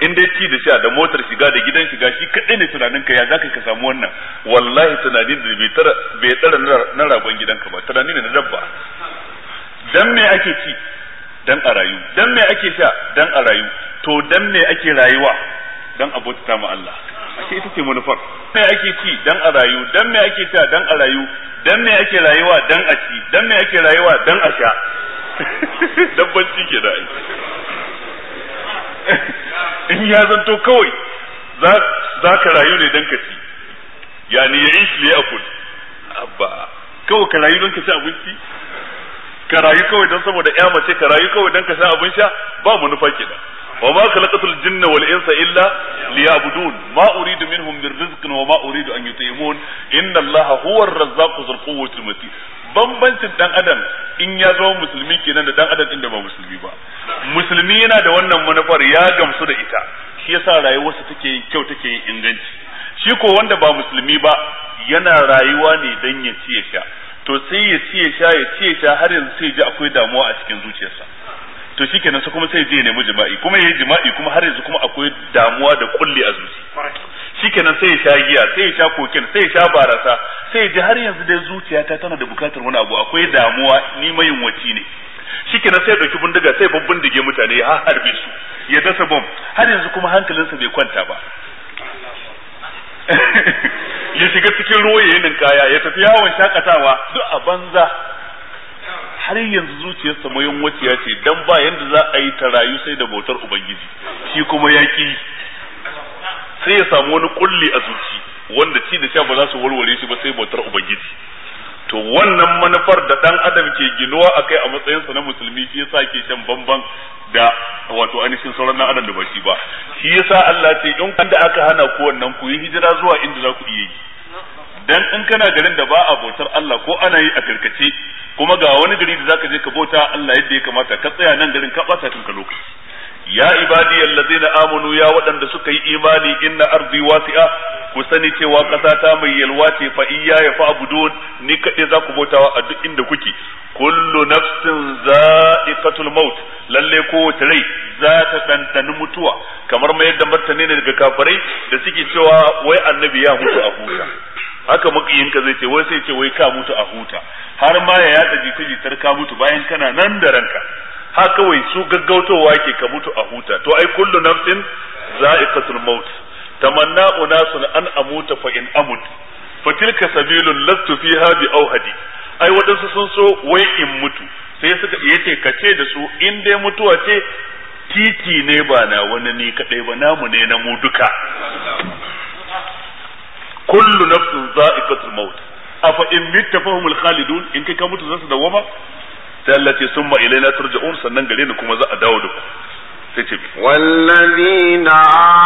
in dai ci da sha da motar shiga da gidan shiga shi kadai ne tunanin ka ya zaka ka samu wannan wallahi tunani da bai tara bai tara na ragon gidanka ba tunani ne na dabba dan me ake ci dan a rayu dan me ake sha dan a rayu to dan me ake rayuwa dan abota mu Allah ashe ita ce manufar me ake ci dan a rayu dan me ake ta dan a rayu dan me ake rayuwa dan a ci dan me ake rayuwa dan a sha dabbanci ke da in ya zanto kawai za ka rayu ne dan ka ci yani ya ishi ne akul abba kawai ka rayu don ka ci abinci ka rayu kawai don saboda ya mace ka rayu kawai don ka sha abin sha ba manufa kenan wa ma khalaqatul jinna wal insa illa liya'budun ma uridu minhum min rizqin wa ma uridu an yut'imun inna allaha huwar razzaqu mati. bambancin dan adam in ya zama musulmi kenan da dan adam inda ba musulmi ba musulmi yana da wannan manufar ya gamsu da ita shi yasa rayuwarsa take kyau take yin inganci shi ko wanda ba musulmi ba yana rayuwa ne dan ya ci ya sha to sai ya ci ya sha ya ci ya sha har yanzu sai ji akwai damuwa a cikin zuciyarsa to shikenan sai kuma sai je nemi jima'i kuma yayi jima'i kuma har yanzu kuma akwai damuwa da kulli a zuci shikenan sai ya sha giya sai ya sha kokin sai ya sha barasa sai ya ji har yanzu dai zuciyata tana da bukatar wani abu akwai damuwa ni mayin ne shikenan sai ya dauki bindiga sai ya bindige mutane ya harbe su ya dasa bom har yanzu kuma hankalinsa bai kwanta ba ya shiga cikin ruwa ya yi ninkaya ya tafi yawon shakatawa duk a banza har yanzu zuciyarsa mayan waciya ce dan ba yanda za a yi ta rayu sai da bautar ubangiji shi kuma ya ki sai ya samu wani kulli a zuci wanda ci da sha ba za su warware shi ba sai bautar ubangiji to wannan manufar da dan adam ke ginuwa akai a matsayinsa na musulmi shi yasa ke shan bamban da wato ainihin sauran na adam da ba shi ba shi yasa Allah ce in da aka hana ku wannan ku yi hijira zuwa inda za ku iya yi dan in kana garin da ba a bautar Allah ko ana yi a karkace kuma ga wani gari da zaka je ka bauta Allah yadda ya kamata ka tsaya nan garin ka bata ka lokaci ya ibadi allazina amanu ya waɗanda suka yi imani inna ardi wasi'a ku sani cewa ƙasa ta mai yalwa ce fa iyya ya abudun ni kade za ku bautawa a duk inda kuke kullu nafsin za'iqatul maut lalle wata rai za ta ɗanɗani mutuwa kamar mayar da martani ne daga kafirai da suke cewa wai annabi ya mutu a huta haka ka zai ce wai sai ce wai ka mutu a huta har ma ya yada jita jitar ka mutu bayan kana nan da ranka haka kawai su gaggautowa ke ka mutu a huta to ai kullu nafsin za'iqatul maut tamanna unasun an amuta fa in amut fa tilka sabilun lastu fiha bi auhadi ai wadansu sun so wai in mutu sai suka yace kace da su in dai mutuwa ce titi ne ba na wani ni kadai ba namu ne na mu duka kullu nafsin za'iqatul maut afa in mitta fahumul khalidun in kai ka mutu zasu dawama sai Allah ce summa ilaina turja'un sannan gare ni kuma za a dawo da ku والذين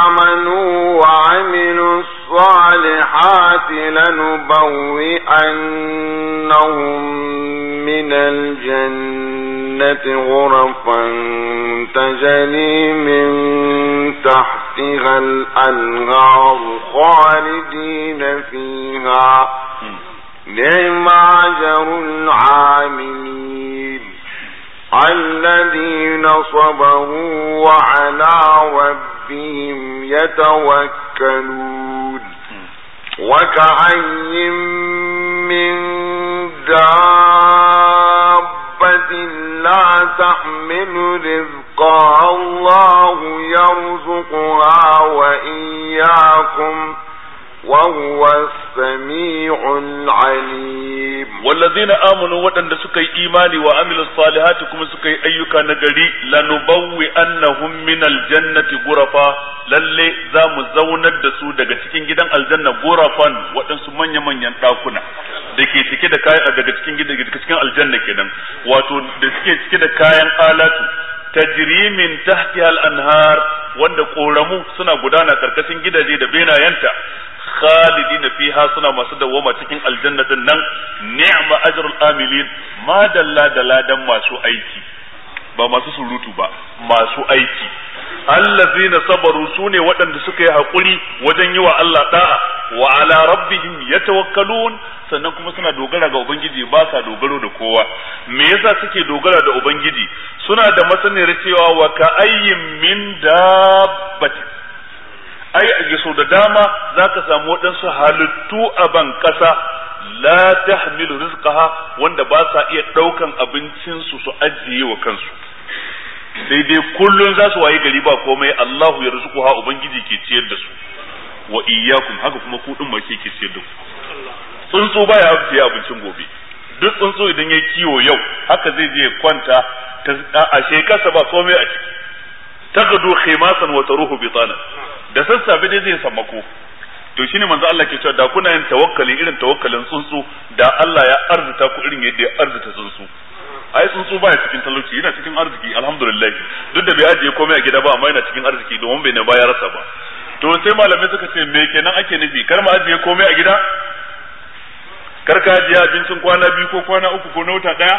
آمنوا وعملوا الصالحات لنبوئنهم من الجنة غرفا تجري من تحتها الأنهار خالدين فيها نعم أجر العاملين الذين صبروا وعلى ربهم يتوكلون وكأي من دابة لا تحمل رزقها الله يرزقها وإياكم ۖ وهو السميع العليم والذين آمنوا وأن سكي إيماني وعمل الصالحات كما سكي أيك نجري لنبوي أنهم من الجنة غرفا للي زام زون الدسو تكين جدا الجنة غرفا وأن سمانيا من ينطاقنا da ke cike da kayan daga cikin gida daga cikin aljanna kenan wato da suke cike da kayan alatu tajri min tahtiha al-anhar wanda koramu suna gudana karkashin gidaje da benayenta khalidina fiha suna masu dawoma cikin aljannatin nan ni'ma ajrul amilin ma dalla da ladan masu aiki ba masu surutu ba masu aiki allazina sabaru sune waɗanda suka yi hakuri wajen yi wa Allah da'a wa ala rabbihim yatawakkalun sannan kuma suna dogara ga ubangiji ba sa dogaro da kowa me yasa suke dogara da ubangiji suna da masaniyar cewa wa ka ayyin min dabbatin ai a so da dama zaka samu waɗansu halittu a ban ƙasa la tahmilu rizqaha wanda ba sa iya ɗaukan abincin su ajiye wa kansu sai dai kullun za su waye gari ba komai Allahu ya rizquha ubangiji ke ciyar da su wa iyyakum haka kuma ku din mace ke ciyar da ku tsuntsu baya ajiye abincin gobe duk tsuntsu idan ya kiwo yau haka zai je kwanta a shekarsa ba komai a ciki tagadu khimasan wa taruhu bitana da sassafe dai zai sammako to shine manzo Allah ke cewa da kuna yin tawakkali irin tawakkalin tsuntsu da Allah ya arzuta ku irin yadda ya arzuta tsuntsu ai tsuntsu baya cikin talauci yana cikin arziki alhamdulillah duk da bai ajiye komai a gida ba amma yana cikin arziki domin bai ne baya rasa ba to sai malamai suka ce me kenan ake nufi kar ma ajiye komai a gida kar ka ajiye abincin kwana biyu ko kwana uku ko na wata daya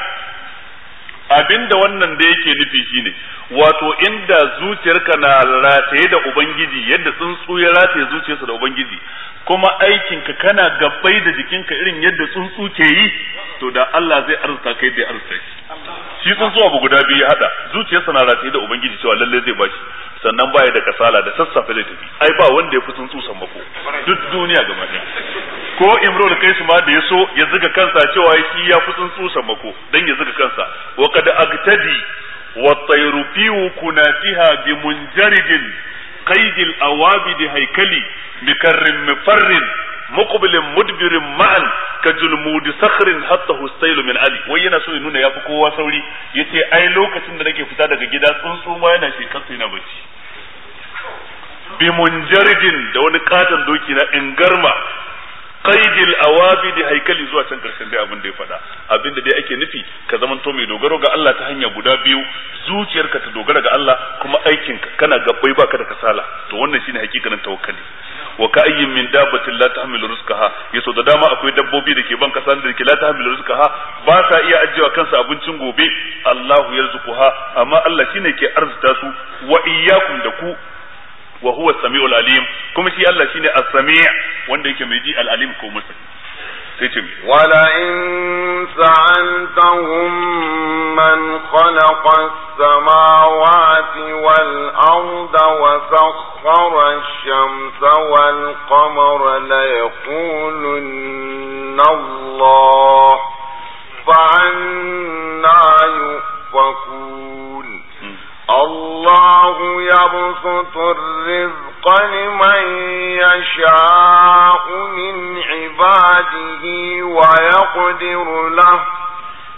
abinda wannan da yake nufi shine wato inda zuciyarka na rataye da ubangiji yadda tsuntsu ya rataye zuciyarsa da ubangiji kuma aikinka kana gabbai da jikinka irin yadda tsuntsu ke yi to da Allah zai arzuta kai da arzuta shi shi tsuntsu abu guda biyu ya hada zuciyarsa na rataye da ubangiji cewa lalle zai bashi sannan baya da kasala da sassafe da tafi ai ba wanda ya fi tsuntsu mako duk duniya gaba ɗaya ko kai su ma da so ya zuga kansa cewa shi ya fi tsuntsu mako dan ya zuga kansa wa kad agtadi wa tayru fi kunatiha bi munjaridin qaid al awabid haykali mikarrin Mifarrin, muqbilin mudbirin ma'an ka julmudi sakhrin hatta hustailu min ali wai yana so ya nuna yafi kowa sauri yace ai lokacin da nake fita daga gida tsuntsu ma yana shekar sai na bacci bi munjaridin da wani katon doki na ingarma qaidil awabi da haikali zuwa can karshen dai abin da ya faɗa abin da dai ake nufi ka zaman to mai dogaro ga Allah ta hanya guda biyu zuciyarka ta dogara ga Allah kuma aikinka kana gabbai baka da kasala to wannan shine hakikanin tawakkali wa ka ayyin min dabbatin la tahmilu rizqaha yaso da dama akwai dabbobi da ke ban kasa da ke la tahmilu rizqaha ba sa iya ajiyewa kansa abincin gobe Allahu yarzuquha amma Allah shine ke arzuta su wa iyyakum da ku wa huwa samiul alim kuma shi Allah shine as-sami' wanda yake mai ji al-alim ko masani sai ce wala in sa'antahum man khalaqa as-samawati wal arda wa sakhkhara ash-shamsa wal qamara la yaqulunna Allah fa'anna yufakun الله يبسط الرزق لمن يشاء من عباده ويقدر له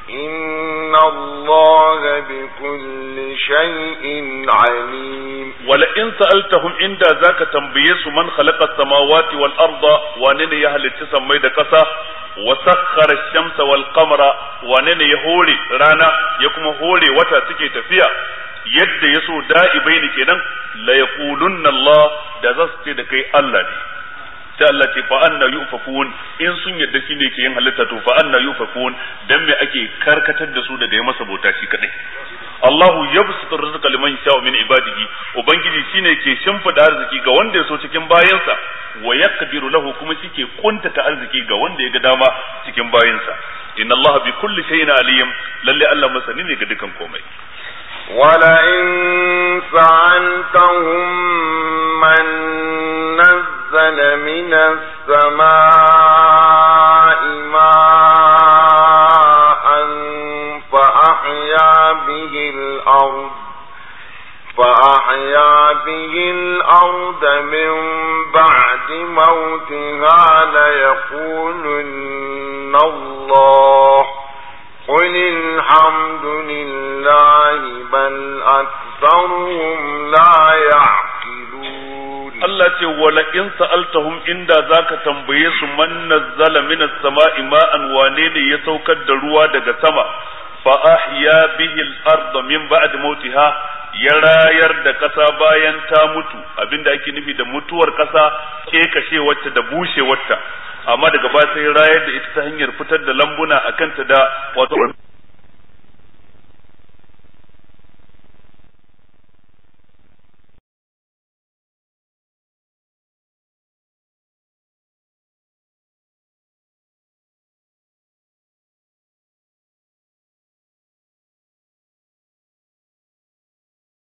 إن الله بكل شيء عليم ولئن سألتهم عند ذاك تنبيس من خلق السماوات والأرض ونن يهل التسم كسا وسخر الشمس والقمر ونن يهولي رانا يكم هولي وتا تكي تفيا yadda ya so da'ibaini kenan la yaqulunna Allah da za su ce da kai Allah ne sai Allah ce fa anna yufakun in sun yadda shi ne ke yin halitta to fa anna yufakun dan me ake karkatar da su da da ya masa bota shi kadai Allahu yabsutur rizqa liman yasha'u min ibadihi ubangiji shine ke shimfida arziki ga wanda ya so cikin bayansa wa yaqdiru lahu kuma shike kuntata arziki ga wanda ya ga dama cikin bayansa inna Allah bi kulli shay'in alim lalle Allah masani ne ga dukan komai ولئن سألتهم من نزل من السماء ماء فأحيا به الأرض فأحيا به الأرض من بعد موتها ليقولن الله قل الحمد لله بل أكثرهم لا يعقلون الله ce wala in sa'altahum inda zaka tambaye su man nazzala minas sama'i ma'an wanene ya saukar da ruwa daga sama fa ya bihi al-ardh min ba'd ya rayar da ƙasa bayan ta mutu abinda ake nufi da mutuwar ƙasa, ke kashe da bushe amma daga baya sai rayar da ita ta hanyar fitar da lambuna akan ta da wato